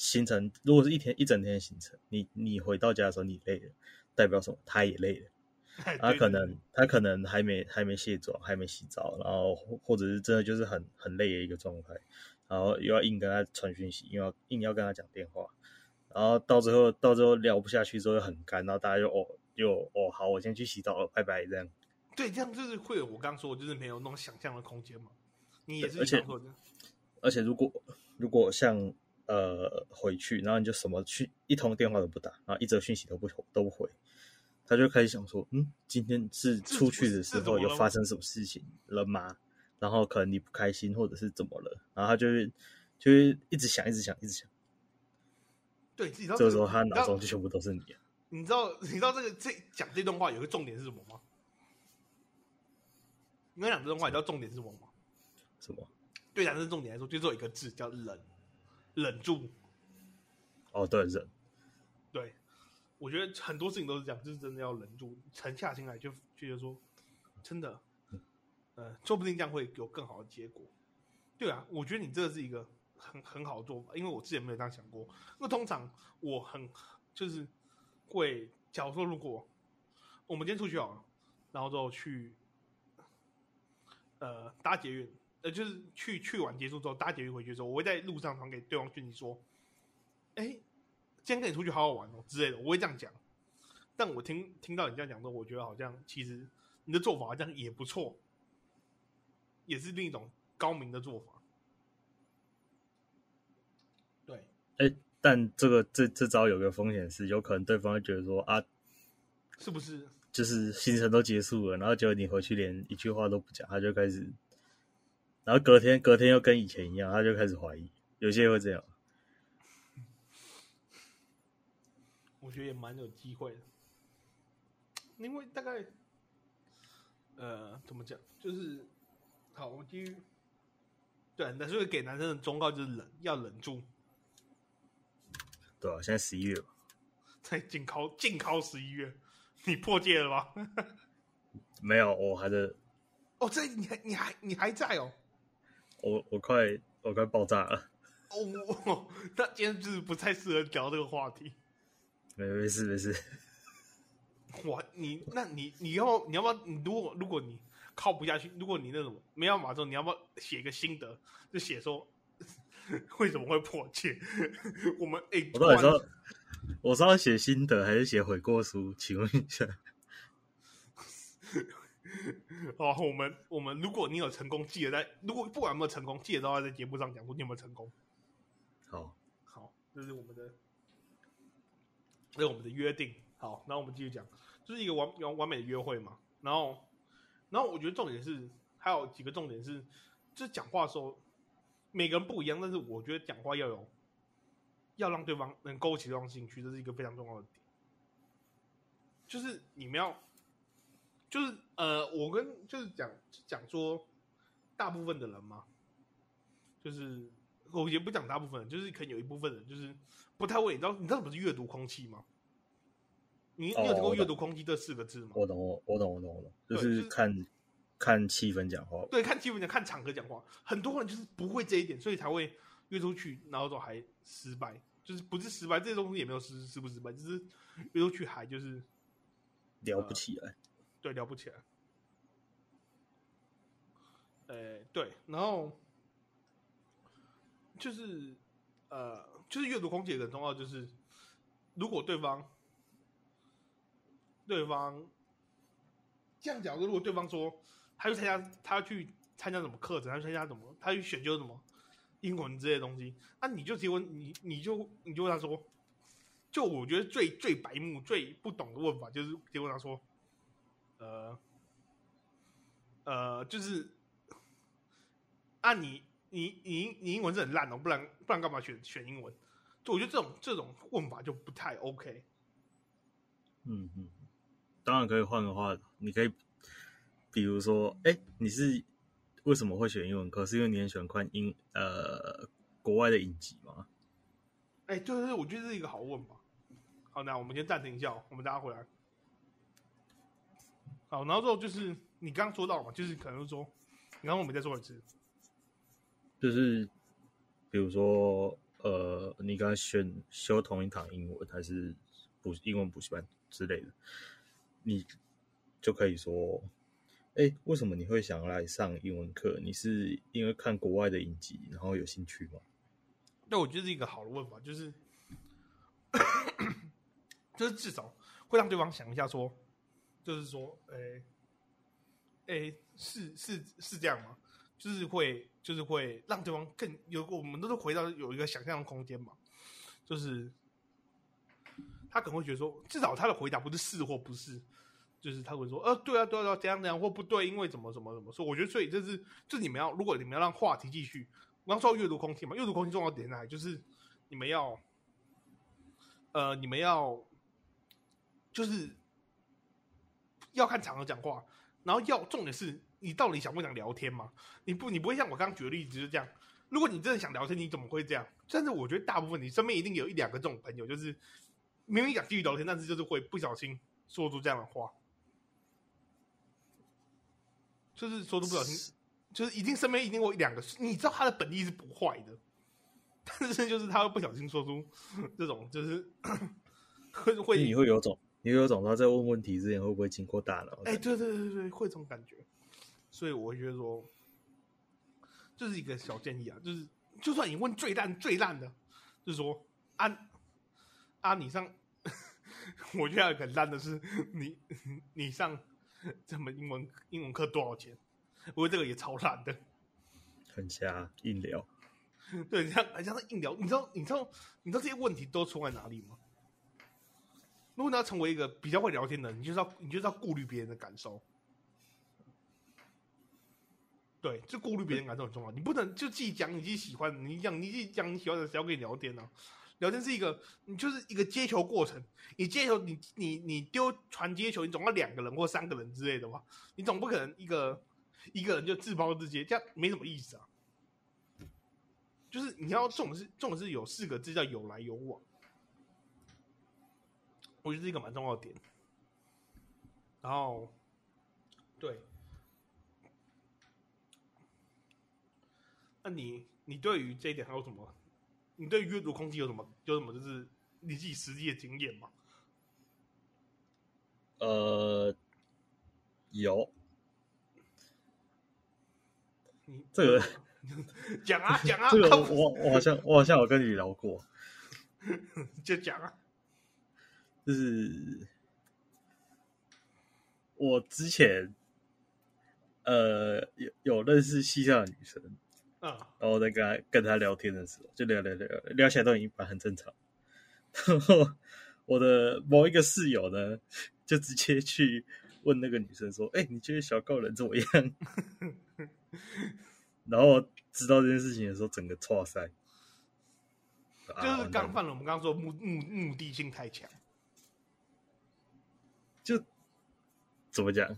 行程如果是一天一整天的行程，你你回到家的時候你累了，代表什麼？他也累了，他、哎、可能的他可能還沒還沒卸妝，還沒洗澡，然後或者是真的就是很很累的一個狀態，然後又要硬跟他傳訊息，又要硬要跟他講電話，然後到最後到最後聊不下去之後又很乾，然後大家就哦就哦好，我先去洗澡了，拜拜這樣。對，這樣就是會有我剛剛說，就是沒有那種想象的空間嘛。你也是而且，樣而且如果如果像。呃，回去，然後你就什麼去，一通電話都不打，然後一則訊息都不都不回，他就開始想說，嗯，今天是出去的時候有發生什麼事情了嗎？然後可能你不開心或者是怎麼了？然後他就就是一直想，一直想，一直想。對，這個時候他腦中就全部都是你。你知道，你知道這個這講這段話有個重點是什麼嗎？你講這段話，你知道重點是什麼嗎？什麼？對但是重點來說，就只有一個字，叫冷。忍住，哦、oh，對，忍，對，我覺得很多事情都是這樣，就是真的要忍住，沉下心來就，就就覺得說，真的，呃，說不定這樣會有更好的結果。對啊，我覺得你這個是一個很很好的做法，因為我之前沒有這樣想過。那通常我很就是會，假如說如果我們今天出去啊，然後之後去，呃，搭捷運。呃，就是去去完結束之後，大家結束回去的時候，我會在路上傳給對方訊息說：“哎、欸，今天跟你出去好好玩哦之類的。”我會這樣講。但我聽聽到你這樣講之後，我覺得好像其實你的做法好像也不錯，也是另一種高明的做法。對。哎、欸，但這個這這招有個風險是，有可能對方會覺得說：“啊，是不是就是行程都結束了，然後結果你回去連一句話都不講，他就開始。”然後隔天，隔天又跟以前一樣，他就開始懷疑。有些會這樣，我覺得也蠻有機會的，因為大概，呃，怎麼講，就是，好，我基於，忍，但是給男生的忠告就是忍，要忍住。對啊，現在十一月了，在近靠近靠十一月，你破戒了嗎？ (laughs) 沒有，我還在。哦，這你還你還你還在哦。我我快我快爆炸了哦！哦，那今天就是不太適合聊這個話題。沒沒事沒事。我你那你你要你要不要？要不要如果如果你靠不下去，如果你那種沒辦法之你要不要寫一個心得？就寫說為什麼會破戒，我們誒，我到底說我是要寫心得還是寫悔過書？請問一下。 (laughs) (laughs) 好，我們我們，如果你有成功記得在，如果不管有沒有成功，記得都要在節目上講過，你有沒有成功。Oh. 好，好，這是我們的，這、就是我們的約定。好，那我們繼續講，就是一個完完完美的約會嘛。然後，然後我覺得重點是，還有幾個重點是，就是講話的時候每個人不一樣，但是我覺得講話要有，要讓對方能勾起對方興趣，這、就是一個非常重要的點。就是你們要。就是呃，我跟就是講講說，大部分的人嘛，就是我也不講大部分的，就是可能有一部分的人就是不太會，你知道你知道什麼是閱讀空氣嗎？你你有聽過“閱讀空氣”這四個字嗎？哦、我懂我我懂我懂我懂，我懂，就是看、就是、看，看氣氛講話，對，看氣氛講看場合講話，很多人就是不會這一點，所以才會約出去，然後都還失敗，就是不是失敗，這些東西也沒有失失不失敗，只是約出去還就是聊不起來，對，聊不起來哎，對，然後就是，呃，就是閱讀空姐的通告，就是如果對方，對方這樣講，如果對方說他去參加，他去參加什麼課程，他去參加什麼，他去選修什麼英文之類的東西，那、啊、你就提問，你你就你就問他說，就我覺得最最白目、最不懂的問法，就是提問他說。呃，呃，就是，啊你，你你你你英文是很爛哦，不然不然幹嘛選選英文？就我覺得這種這種問法就不太 OK。嗯嗯，當然可以換個話，你可以，比如說，哎、欸，你是為什麼會選英文？可是因為你很喜歡看英呃國外的影集嗎？哎、欸，就是我覺得是一個好問法。好，那我們先暫停一下，我們等下回來。好，然後之後就是你剛剛說到嘛，就是可能是說，然後我們再做一次，就是比如說，呃，你剛剛選修同一堂英文還是補英文補習班之類的，你就可以說，哎、欸，為什麼你會想來上英文課？你是因為看國外的影集，然後有興趣嗎？那我覺得是一個好的問法，就是， (coughs) 就是至少會讓對方想一下說。就是說，哎，哎，是是是這樣嗎？就是會，就是會讓對方更有，我們都是回到有一個想象的空間嘛。就是他可能會覺得說，至少他的回答不是是或不是，就是他會說，呃，對啊，對啊，這樣怎樣，或不對，因為怎麼怎麼怎麼說。我覺得所以就是，就是、你們要，如果你們要讓話題繼續，我剛說閱讀空氣嘛，閱讀空氣重要點在就是你們要，呃，你們要，就是。要看場合講話，然後要重點是，你到底想不想聊天嗎？你不，你不會像我剛舉的例子，就是這樣。如果你真的想聊天，你怎麼會這樣？但是我覺得大部分你身邊一定有一兩個這種朋友，就是明明想繼續聊天，但是就是會不小心說出這樣的話，就是說出不小心，是就是已經身邊一定,一定有一兩個。你知道他的本意是不壞的，但是就是他會不小心說出這種，就是呵呵會會會有種。你有種他在問問題之前會不會經過大腦？哎、欸，對對對對，會這種感覺。所以我覺得說，就是一個小建議啊，就是就算你問最爛最爛的，就是說啊，啊，你上，我覺得很爛的是你你上這門英文英文課多少錢？不過這個也超爛的，很瞎硬聊。對，像像是硬聊，你知道你知道你知道這些問題都出在哪裡嗎？如果你要成為一個比較會聊天的人，你就是要你就是要顧慮別人的感受。對，就顧慮別人的感受很重要。你不能就自己講你自己喜歡，你講你自己講你喜歡的，誰要跟你聊天呢啊？聊天是一個，你就是一個接球過程。你接球，你你你丟傳接球，你總要兩個人或三個人之類的話，你總不可能一個一個人就自拋自接，這樣沒什麼意思啊。就是你要重點是重點是有四個字叫有來有往。我覺得是一個蠻重要的點，然後，對，那、啊、你你對於這一點還有什麼？你對於閱讀空氣有什麼有什麼？就是你自己實際的經驗嗎？呃，有，你這個 (laughs) 講啊講啊， (laughs) 這個我我好像我好像有跟你聊過，就講啊。就是我之前呃，有有認識系上的女生啊，然後在跟她跟她聊天的時候就聊聊聊聊起來都很一般很正常。然後我的某一個室友呢，就直接去問那個女生說：“哎、欸，你覺得小告人怎麼樣？” (laughs) 然後知道這件事情的時候，整個挫賽，就是剛犯了我們剛剛說目目目的性太強。就怎麼講？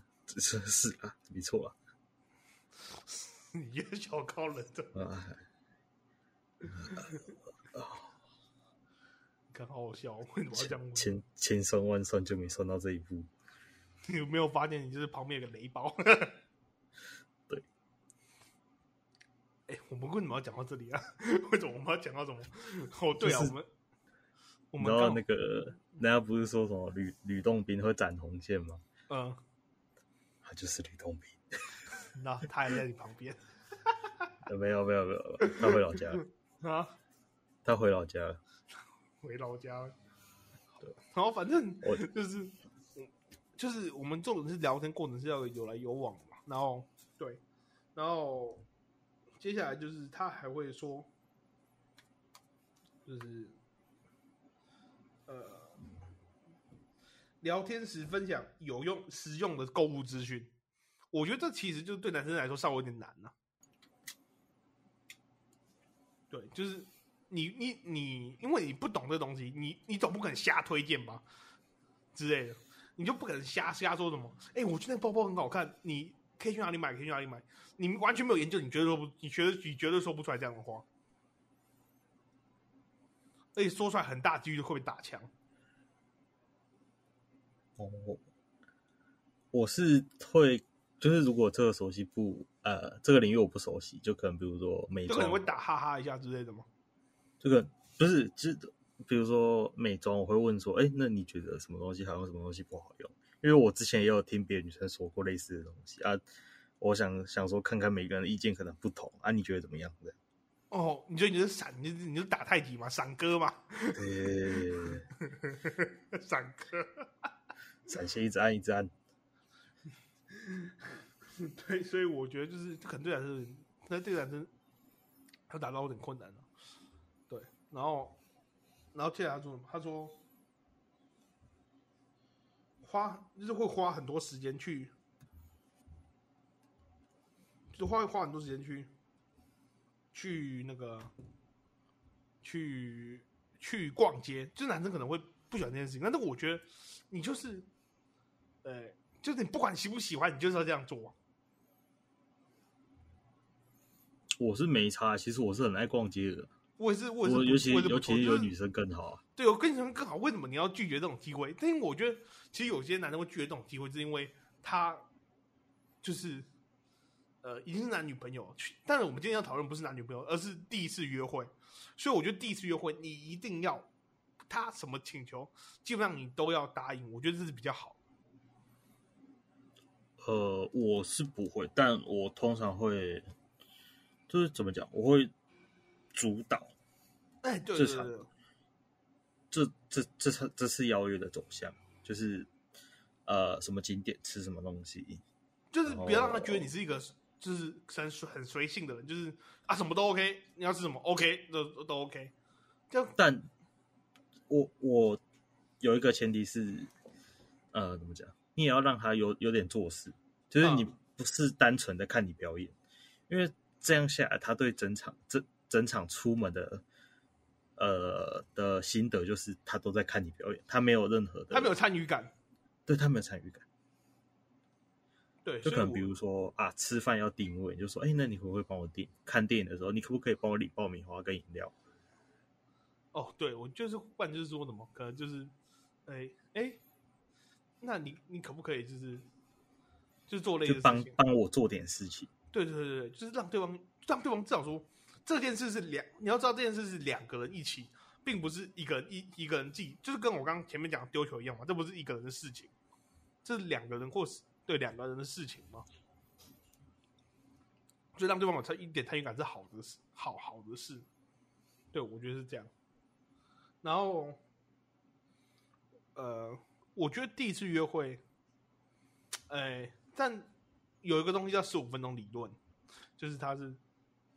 是啊，沒錯啊。 (laughs) 你又小看人了。啊， (laughs) 你看，好好笑，哦！為什麼要講千千算萬算，就沒算到這一步？你有沒有發現，你就是旁邊有個雷包？ (laughs) 對。哎、欸，我們為什麼要講到這裡啊？為什麼我們要講到什麼？哦，對啊，就是、我們。然後那個，那人家不是說什麼呂呂洞賓會斬紅線嗎？嗯、呃，他就是呂洞賓。那他還在你旁邊 (laughs) ？沒有沒有沒有，他回老家了。啊，他回老家了。回老家了。對。然後反正我就是，就是我們這種是聊天過程是要有來有往嘛。然後對，然後接下來就是他還會說，就是。聊天時分享有用、實用的購物資訊，我覺得這其實就對男生來說稍微有點難吶、啊。對，就是你、你、你，因為你不懂這東西，你、你總不可能瞎推薦吧之類的，你就不可能瞎瞎說什麼。哎、欸，我覺得那包包很好看，你可以去哪裡買？可以去哪裡買？你完全沒有研究，你絕對說不，你絕對你絕對說不出來這樣的話，而且說出來很大幾率會被打槍。哦，我是會，就是如果這個熟悉不，呃，這個領域我不熟悉，就可能比如說美妝，就可能會打哈哈一下之類的嗎？這個不是，其實比如說美妝，我會問說，哎、欸，那你覺得什麼東西好用，什麼東西不好用？因為我之前也有聽別的女生說過類似的東西啊。我想想說，看看每個人的意見可能不同啊，你覺得怎麼樣的？這樣哦，你就覺得你是閃，你你是打太極嗎？閃哥嗎？呃對對對對， (laughs) 閃哥。閃現一直按一直按， (laughs) 對，所以我覺得就是，可能對男生，那對男生，他達到有點困難了，對，然後，然後接下來他說什麼，他說，花就是會花很多時間去，就是、花會花很多時間去，去那個，去去逛街，就男生可能會不喜歡這件事情，但是我覺得你就是。對，就是你不管你喜不喜歡，你就是要這樣做啊。我是沒差，其實我是很愛逛街的。我也是，我也是，我尤其是不尤其是有女生更好。就是，對，我跟女生更好。為什麼你要拒絕這種機會？但因為我覺得其實有些男生會拒絕這種機會，是因為他就是呃，已經是男女朋友了。但是我們今天要討論不是男女朋友，而是第一次約會。所以我覺得第一次約會，你一定要，他什麼請求，基本上你都要答應。我覺得這是比較好。呃，我是不會，但我通常會，就是怎麼講，我會主導，哎、欸，對對對，這這這次這次邀約的走向，就是呃，什麼景點吃什麼東西，就是別讓他覺得你是一個就是很很隨性的人，後我就是啊，什麼都 OK，你要吃什麼 OK 都都 OK，就但我，我我有一個前提是，呃，怎麼講？你也要讓他有有點做事，就是你不是單純的看你表演，嗯、因為這樣下來，他對整場這整，整場出門的，呃的心得就是他都在看你表演，他沒有任何的，他沒有參與感，對他沒有參與感，對，就可能比如說啊，吃飯要訂位，就說哎、欸，那你可不可以幫我訂？看電影的時候，你可不可以幫我理爆米花跟飲料？哦，對，我就是換，就是說什麼，可能就是哎哎。欸欸那你你可不可以就是就是做類似的事情，幫幫我做點事情？對對對對，就是讓對方讓對方知道說這件事是兩你要知道這件事是兩個人一起，並不是一個人一一個人自己，就是跟我剛剛前面講的丟球一樣嘛，這不是一個人的事情，這是兩個人或是對兩個人的事情嘛？就讓對方有參一點參與感是好的事，好好的事。對，我覺得是這樣。然後，呃。我覺得第一次約會，呃、欸，但有一個東西叫十五分鐘理論，就是他是，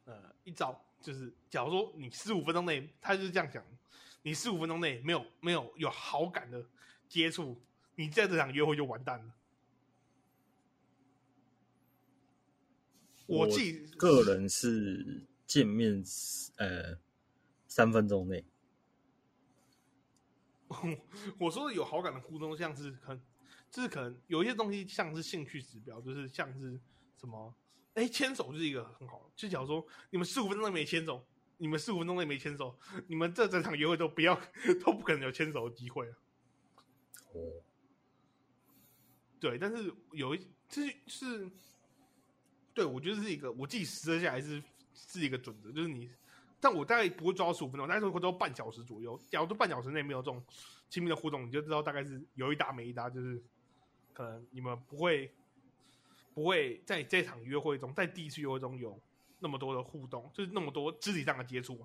呃，一早就是，假如說你十五分鐘內，他就是這樣講，你十五分鐘內沒有沒有有好感的接觸，你在這場約會就完蛋了。我自己個人是見面呃三分鐘內。 (laughs) 我說的有好感的互動，像是很，就是可能有一些東西像是興趣指標，就是像是什麼，哎，牽手就是一個很好的，就假如說你們四五分鐘內沒牽手，你們四五分鐘內沒牽手，你們這整場約會都不要，都不可能有牽手的機會了。哦，對，但是有一，這是是，對，我覺得是一個，我自己實踐下來是是一個準則，就是你。但我大概不會抓到十五分鐘，但是會抓半小時左右。假如說半小時內沒有這種親密的互動，你就知道大概是有一搭沒一搭，就是可能你們不會不會在這場約會中，在第一次約會中有那麼多的互動，就是那麼多肢體上的接觸。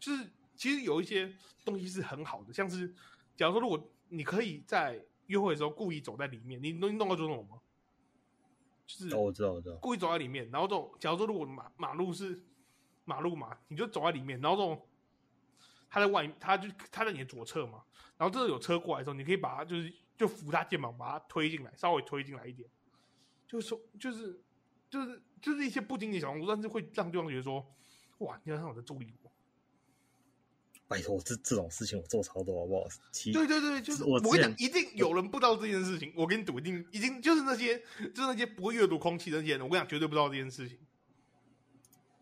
就是其實有一些東西是很好的，像是假如說如果你可以在約會的時候故意走在裡面，你弄弄到這種。嗎？就是哦，我知道，我知道，故意走在裡面，然後這種假如說如果馬馬路是。馬路嘛，你就走在裡面，然後這種他在外面，他就他在你的左側嘛，然後這有車過來的時候，你可以把他就是就扶他肩膀，把他推進來，稍微推進來一點，就是說就是就是就是一些不經意小動作，但是會讓對方覺得說哇，你看我在注意我，拜托這這種事情我做超多好不好？對對對，就是我，我跟你講，一定有人不知道這件事情，我，我跟你賭，一定一定就是那些就是那些不會閱讀空氣的那些人，我跟你講，絕對不知道這件事情。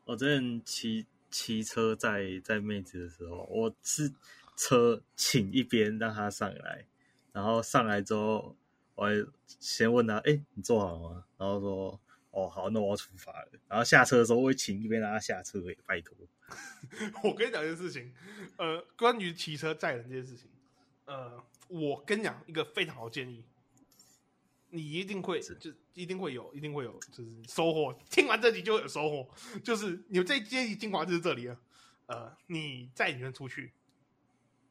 我之前騎騎車載載妹子的時候，我是車請一邊讓她上來，然後上來之後，我還先問她：“哎，你坐好了嗎？”然後說：“哦，好，那我要出發了。”然後下車的時候，我會請一邊讓她下車。欸、拜託，我跟你講一件事情，呃，關於騎車載人這件事情，呃，我跟你講一個非常好的建議。你一定會是就一定會有，一定會有，就是收穫。聽完這集就會有收穫，就是你們這一集精華就是這裡啊，呃，你載女人出去，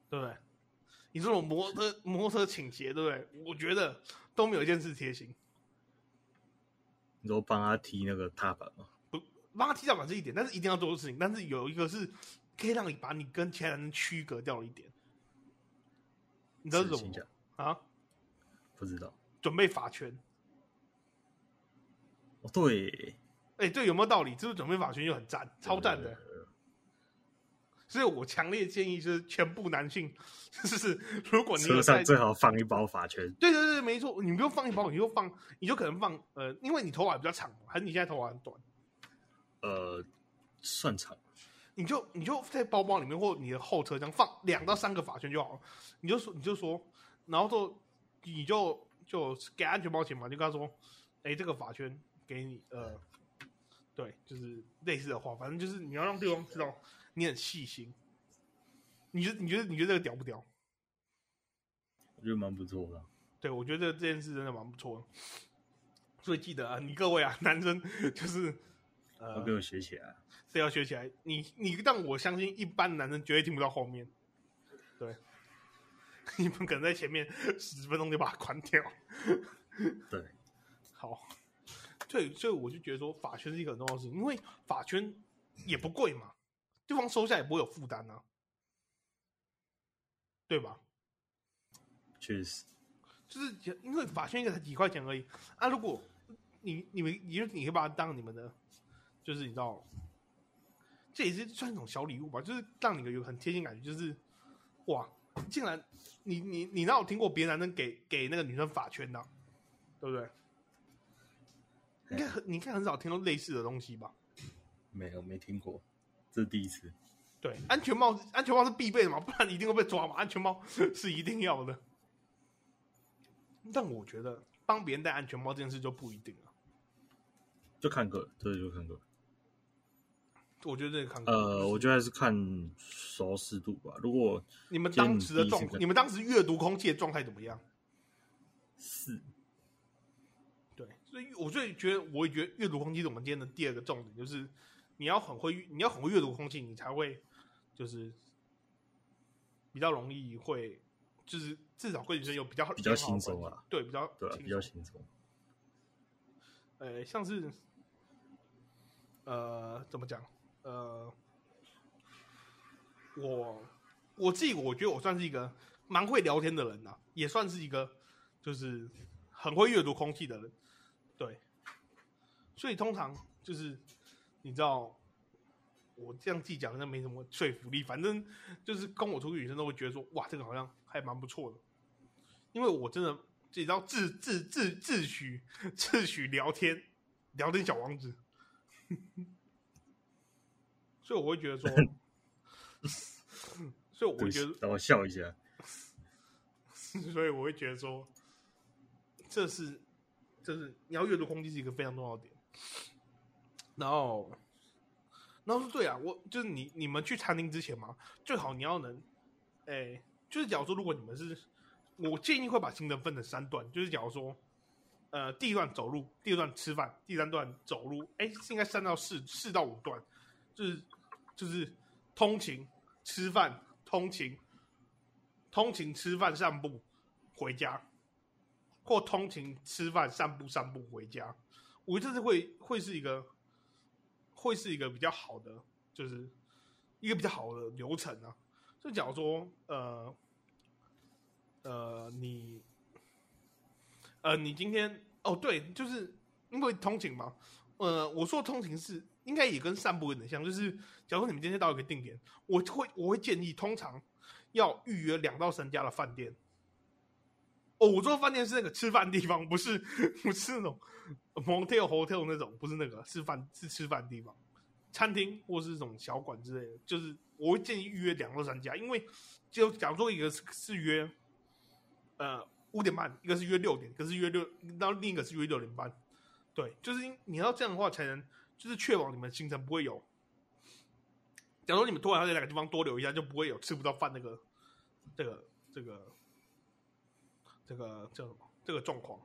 對不對？你這種摩托是摩托車傾斜，對不對？我覺得都沒有一件事貼心。你都幫他踢那個踏板嗎？不，幫他踢踏板是一點，但是一定要做的事情。但是有一個是可以讓你把你跟前男人區隔掉一點。你知道是什麼嗎？啊？不知道。準備髮圈，對，哎、欸，對，有沒有道理？就是準備髮圈就很讚，超讚的。對對對對。所以我強烈建議，是全部男性，是 (laughs) 是如果你是車上最好放一包髮圈。對對對，沒錯，你不用放一包，你就放，你就可能放呃，因為你頭髮比較長，還是你現在頭髮很短？呃，算長。你就你就在包包裡面或你的後車這樣放兩到三個髮圈就好了。你就說你就說，然後就你就。就給安全保險嘛，就跟他說：“哎、欸，這個髮圈給你，呃，嗯、對，就是類似的話，反正就是你要讓對方知道的你很細心。你覺你覺得你覺得這個屌不屌？我覺得蠻不錯的。對，我覺得這件事真的蠻不錯的。所以記得啊，你各位啊，男生就是，要給我學起來，非要學起來。你你但我相信，一般男生絕對聽不到後面，對。” (laughs) 你們可能在前面十分鐘就把它關掉 (laughs) 對。對，好，所以所以我就覺得說髮圈，是一個很重要的事情，因為髮圈也不貴嘛，對方收下也不會有負擔呢，對吧？確實 Cheese，就是因為髮圈一個才幾塊錢而已啊！如果你你們你就你可以把它當你們的，就是你知道，這也是算一種小禮物吧，就是讓你有很貼心感覺，就是哇。竟然，你你你哪有聽過別男生給給那個女生髮圈的，啊，對不對？應該、很、你應該很少聽到類似的東西吧？沒有，沒聽過，這是第一次。對，安全帽安全帽是必備的嘛，不然你一定會被抓嘛，安全帽是一定要的。但我覺得幫別人戴安全帽這件事就不一定了，就看個，對，就看個。我覺得這個呃，我覺得還是看舒適度吧。如果你們當時的狀，你們當時閱讀空氣的狀態怎麼樣？是，對，所以我就覺得，我也覺得閱讀空氣是我們今天的第二個重點，就是你要很會，你要很會閱讀空氣，你才會就是比較容易會，就是至少跟女生有比較比較輕鬆啊，對，比較對比較輕鬆。呃，像是呃，怎麼講？呃，我我自己我覺得我算是一個蠻會聊天的人吶、啊，也算是一個就是很會閱讀空氣的人，對。所以通常就是你知道，我這樣記講好像沒什麼說服力，反正就是跟我出去女生都會覺得說，哇，這個好像還蠻不錯的。因為我真的自己知道自自自自詡自詡聊天聊天小王子。 (laughs) 所以我會覺得說， (laughs) 所以我會覺得等我笑一下。 (laughs) 所以我會覺得說，這是，這是你要閱讀空氣是一個非常重要的點。然後，然後說對啊，我就是你你們去餐廳之前嘛，最好你要能，哎，就是假如說如果你們是，我建議會把行程分成三段，就是假如說，呃，第一段走路，第二段吃飯，第三段走路，哎，是應該三到四四到五段，就是。就是通勤、吃飯、通勤、通勤、吃飯、散步、回家，或通勤、吃飯、散步、散步、回家。我覺得這是會會是一個會是一個比較好的，就是一個比較好的流程啊。就假如說，呃呃，你呃你今天哦對，就是因為通勤嘛，呃，我說通勤是。應該也跟散步有點像，就是假如說你們今天到一個定點，我會我會建議通常要預約兩到三家的飯店。哦，我說飯店是那個吃飯地方，不是不是那種，hotel、嗯、那種，不是那個是飯是吃飯地方，餐廳或是這種小館之類的。就是我會建議預約兩到三家，因為就假如說一個是約呃五點半，一個是約六點，可是約六，然後另一個是約六點半，對，就是你要這樣的話才能。就是確保你們行程，不會有，假如你們突然要在哪個地方多留一下，就不會有吃不到飯那個，這個這個這個叫什麼？這個狀況。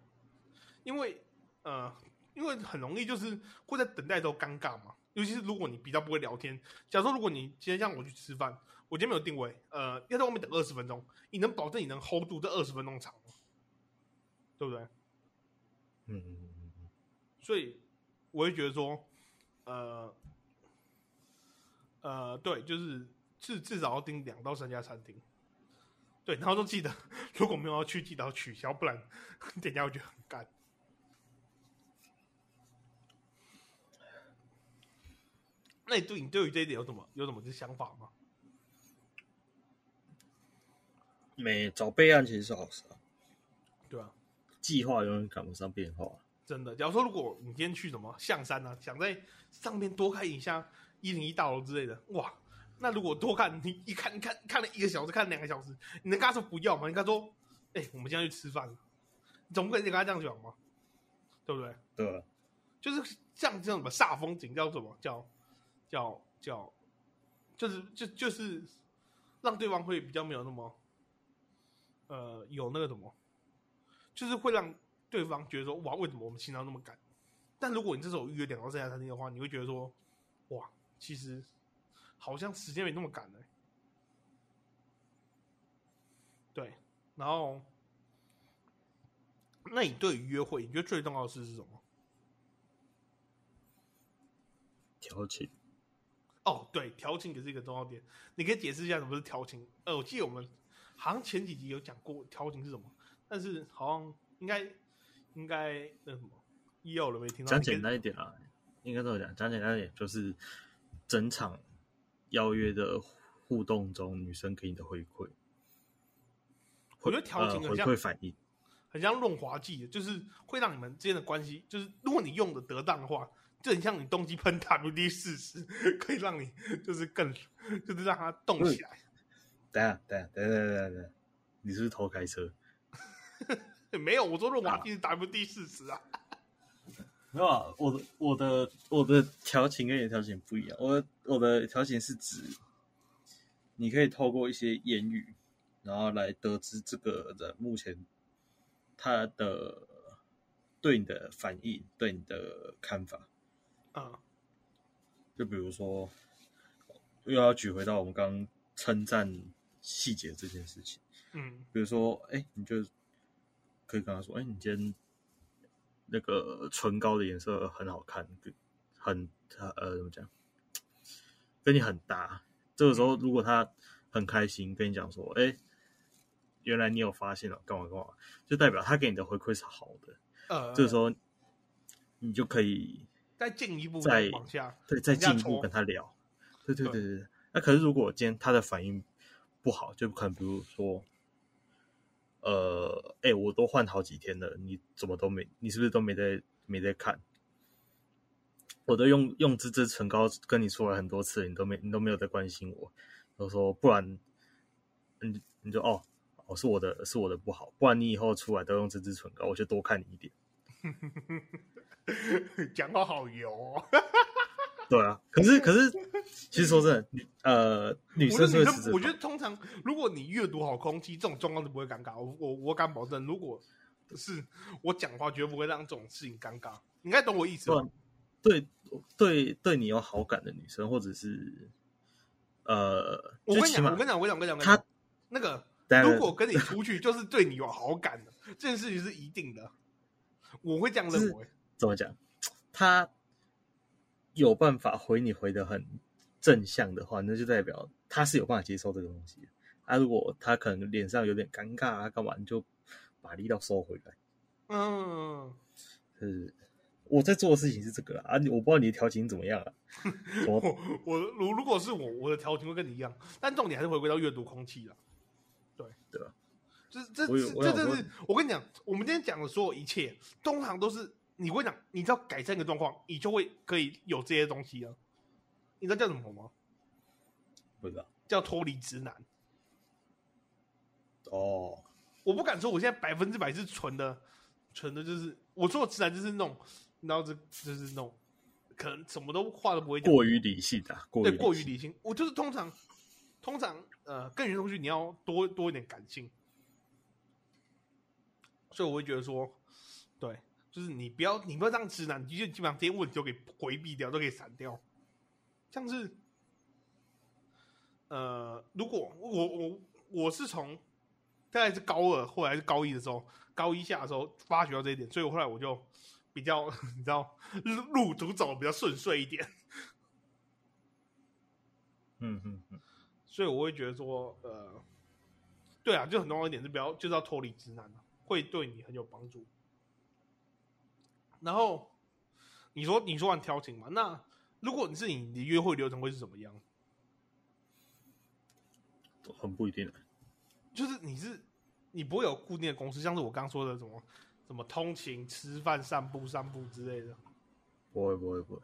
因為呃，因為很容易就是會在等待中尷尬嘛。尤其是如果你比較不會聊天，假如說如果你今天讓我去吃飯，我今天沒有定位，呃，要在外面等二十分鐘，你能保證你能 hold 住這二十分鐘長嗎？對不對？嗯嗯嗯嗯嗯。所以我會覺得說。呃，呃，對，就是至至少要訂兩到三家餐廳，對，然後都記得，如果沒有要去，記得要取消，不然等下會覺得很乾。那你對你對於這一點有什麼有什麼的想法嗎？沒，找備案其實是好事啊，對啊吧，計劃永遠趕不上變化。真的，假如說如果你今天去什麼象山啊，想在上面多看一下一零一大樓之類的，哇，那如果多看，你一看，看看，看了一個小時，看了兩個小時，你能跟他說不要嗎？你跟他說，哎、欸，我們現在去吃飯了，總不可能跟他這樣講嗎？對不對？對了，就是像這樣，叫什麼煞風景，叫什麼叫叫叫，就是就就是讓對方會比較沒有那麼，呃，有那個什麼，就是會讓。對方覺得說：“哇，為什麼我們聽到那麼趕？”但如果你這時候預約兩到三家餐廳的話，你會覺得說：“哇，其實好像時間沒那麼趕呢。”對，然後，那你對於約會，你覺得最重要的事是什麼？調情。哦，對，調情也是一個重要點。你可以解釋一下什麼是調情？呃，我記得我們好像前幾集有講過調情是什麼，但是好像應該。應該那什麼，醫藥了沒聽到？講簡單一點啊，應該怎麼講？講簡單一點，就是整場邀約的互動中，女生給你的回饋，回我覺得調情很像、呃、回饋反應，很像潤滑劑，就是會讓你們之間的關係，就是如果你用的得，得當的話，就很像你冬季噴 WD40，可以讓你就是更就是讓它動起來。嗯、等下等下等等等等，你是不是偷開車？ (laughs) 沒有，我說羅馬是打不第四十啊。沒有、啊，我的我的我的調情跟你的調情不一樣。我的我的調情是指，你可以透過一些言語，然後來得知這個人目前他的對你的反應、對你的看法啊。嗯、就比如說，又要舉回到我們剛剛稱讚細節這件事情，嗯，比如說，哎，你就。可以跟他說：“哎，你今天那個唇膏的顏色很好看，很……呃，怎麼講，跟你很搭。這個時候，如果他很開心，跟你講說：‘哎、嗯，原來你有發現了，幹嘛幹嘛’，就代表他給你的回饋是好的。呃、這個時候，你就可以再再進一步再往下，對，再進一步跟他聊。對對對對對。那、呃、可是如果今天他的反應不好，就可能比如說……”嗯呃，哎、欸，我都換好幾天了，你怎麼都沒？你是不是都沒在沒在看？我都用用這支唇膏跟你說了很多次，你都沒你都沒有在關心我。我都說，不然，你你就哦，哦，是我的是我的不好，不然你以後出來都用這支唇膏，我就多看你一點。講 (laughs) 話好油哦哈哈哈。對啊，可是可是， (laughs) 其實說真的，女呃女生我，我覺得通常如果你閱讀好空氣，這種狀況都不會尷尬。我我我敢保證，如果是我講話，絕不會讓這種事情尷尬。你應該懂我意思吧？對啊，對對對，對你有好感的女生，或者是呃我，我跟你講，我跟你講，我跟你講，他我跟你講那個一如果跟你出去，就是對你有好感的， (laughs) 這件事情是一定的。我會這樣認為。怎麼講？他。有辦法回你回的很正向的話，那就代表他是有辦法接受這個東西。他、啊、如果他可能臉上有點尷尬啊，幹嘛你就把力道收回來。嗯，是我在做的事情是這個啦。我不知道你的調情怎麼樣啊。我 (laughs) 我如如果是我，我的調情會跟你一樣，但重點還是回歸到閱讀空氣啦。對對，吧這？這這這這是我跟你講，我們今天講的所有一切，通常都是。你會想你只要改善一個狀況，你就會可以有這些東西啊？你知道叫什麼嗎？不知道、啊，叫脫離直男。哦，oh. 我不敢說我現在百分之百是純的，純的就是我做直男就是那種，然後就就是那種，可能什麼都話都不會講，過於理性的、啊、過於理性。理性 (laughs) 我就是通常，通常呃，更嚴東去你要多多一點感性。所以我會覺得說，對。就是你不要，你不要當直男，你就基本上這些問題都給回避掉，都給閃掉。像是，呃，如果我我我是從大概是高二，後來是高一的時候，高一下的時候發覺到這一點，所以後來我就比較你知道路，就是，路途走的比較順遂。一點嗯嗯嗯，所以我會覺得說，呃，對啊，就很重要一點是不要就是要脫離直男，會對你很有幫助。然後，你說你說完調情嘛？那如果你是你，你約會流程會是怎麼樣？很不一定的，就是你是你不會有固定的公式，像是我剛剛說的什麼什麼通勤、吃飯、散步、散步之類的，不會不會不會，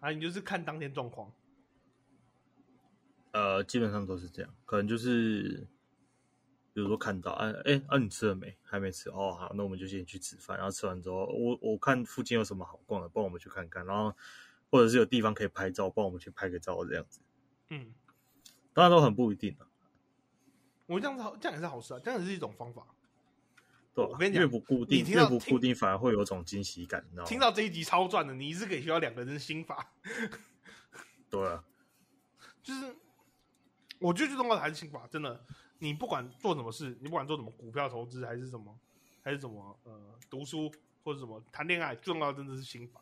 啊，你就是看當天狀況。呃，基本上都是這樣，可能就是。比如說看到、欸欸、啊，哎啊，你吃了沒？還沒吃哦，好，那我們就先去吃飯。然後吃完之後，我我看附近有什麼好逛的，幫我們去看看。然後或者是有地方可以拍照，幫我們去拍個照，這樣子。嗯，當然都很不一定、啊、我這樣子好，這樣也是好事啊，這樣也是一種方法。對、啊，我跟你講，越不固定，越不固定，聽反而會有一種驚喜感。然後聽到這一集超賺的，你一直可以學到兩個人的心法。 (laughs) 對啊，就是，我就覺得我還是心法真的。你不管做什麼事，你不管做什麼股票投資還是什麼，還是什麼呃讀書或者什麼談戀愛，重要的真的是心法。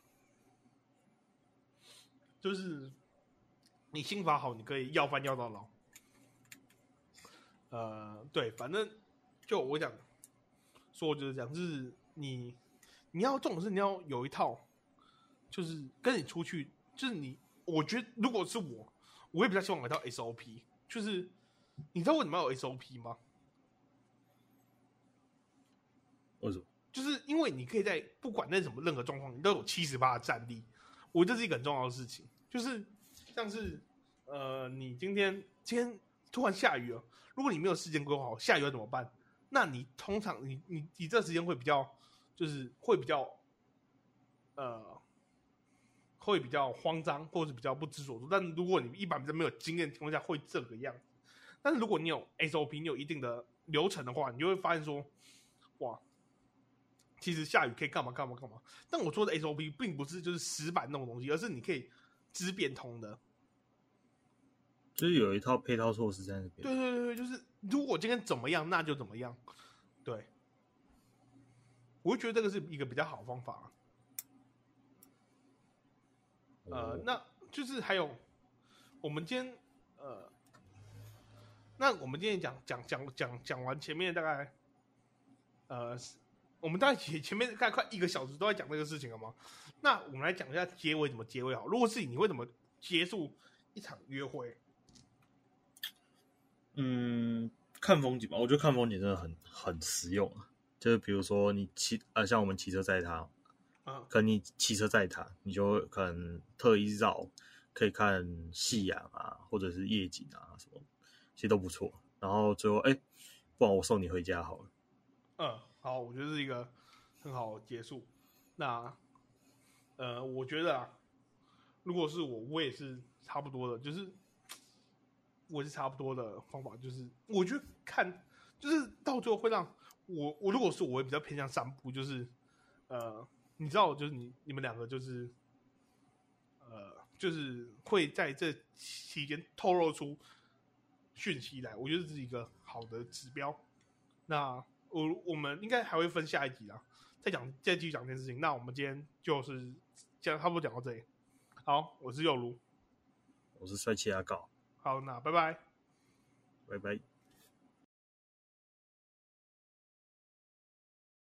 就是你心法好，你可以要飯要到老。呃，對，反正就我想說，就是這樣，就是你你要重視是你要有一套，就是跟你出去，就是你我覺得如果是我，我也比較希望買套 SOP，就是。你知道為什麼要有 SOP 嗎？為什麼？就是因為你可以在不管那什麼任何狀況，你都有七十八的戰力。我覺得這是一個很重要的事情，就是像是呃，你今天今天突然下雨了，如果你沒有事先規劃，下雨要怎麼辦？那你通常你你你這時間會比較就是會比較呃，會比較慌張，或者是比較不知所措。但如果你一般在沒有經驗的情況下，會這個樣子。但是如果你有 SOP，你有一定的流程的話，你就會發現說，哇，其實下雨可以幹嘛幹嘛幹嘛。但我做的 SOP 並不是就是死板那種東西，而是你可以知變通的，就是有一套配套措施在那邊。對對對對，就是如果今天怎麼樣，那就怎麼樣。對，我就覺得這個是一個比較好的方法。哦、呃，那就是還有，我們今天呃。那我們今天講講講講講完前面大概，呃，我們大概也前面大概快一個小時都在講這個事情了嘛？那我們來講一下結尾怎麼結尾好。如果是你，你會怎麼結束一場約會？嗯，看風景吧。我覺得看風景真的很很實用。就是比如說你騎，呃，像我們騎車載他啊，跟你騎車載他，你就會很特意繞，可以看夕陽啊，或者是夜景啊什麼。其實都不錯，然後最後哎、欸，不然我送你回家好了。嗯，好，我覺得是一個很好的結束。那呃，我覺得啊，如果是我，我也是差不多的，就是我也是差不多的方法，就是我覺得看，就是到最後會讓我我，如果是我，也比較偏向散步，就是呃，你知道，就是你你們兩個就是呃，就是會在這期間透露出。訊息來，我覺得這是一個好的指標。那我我們應該還會分下一集啦，再講再繼續講這件事情。那我們今天就是講差不多講到這裡。好，我是侑儒，我是帥氣阿告。好，那拜拜，拜拜。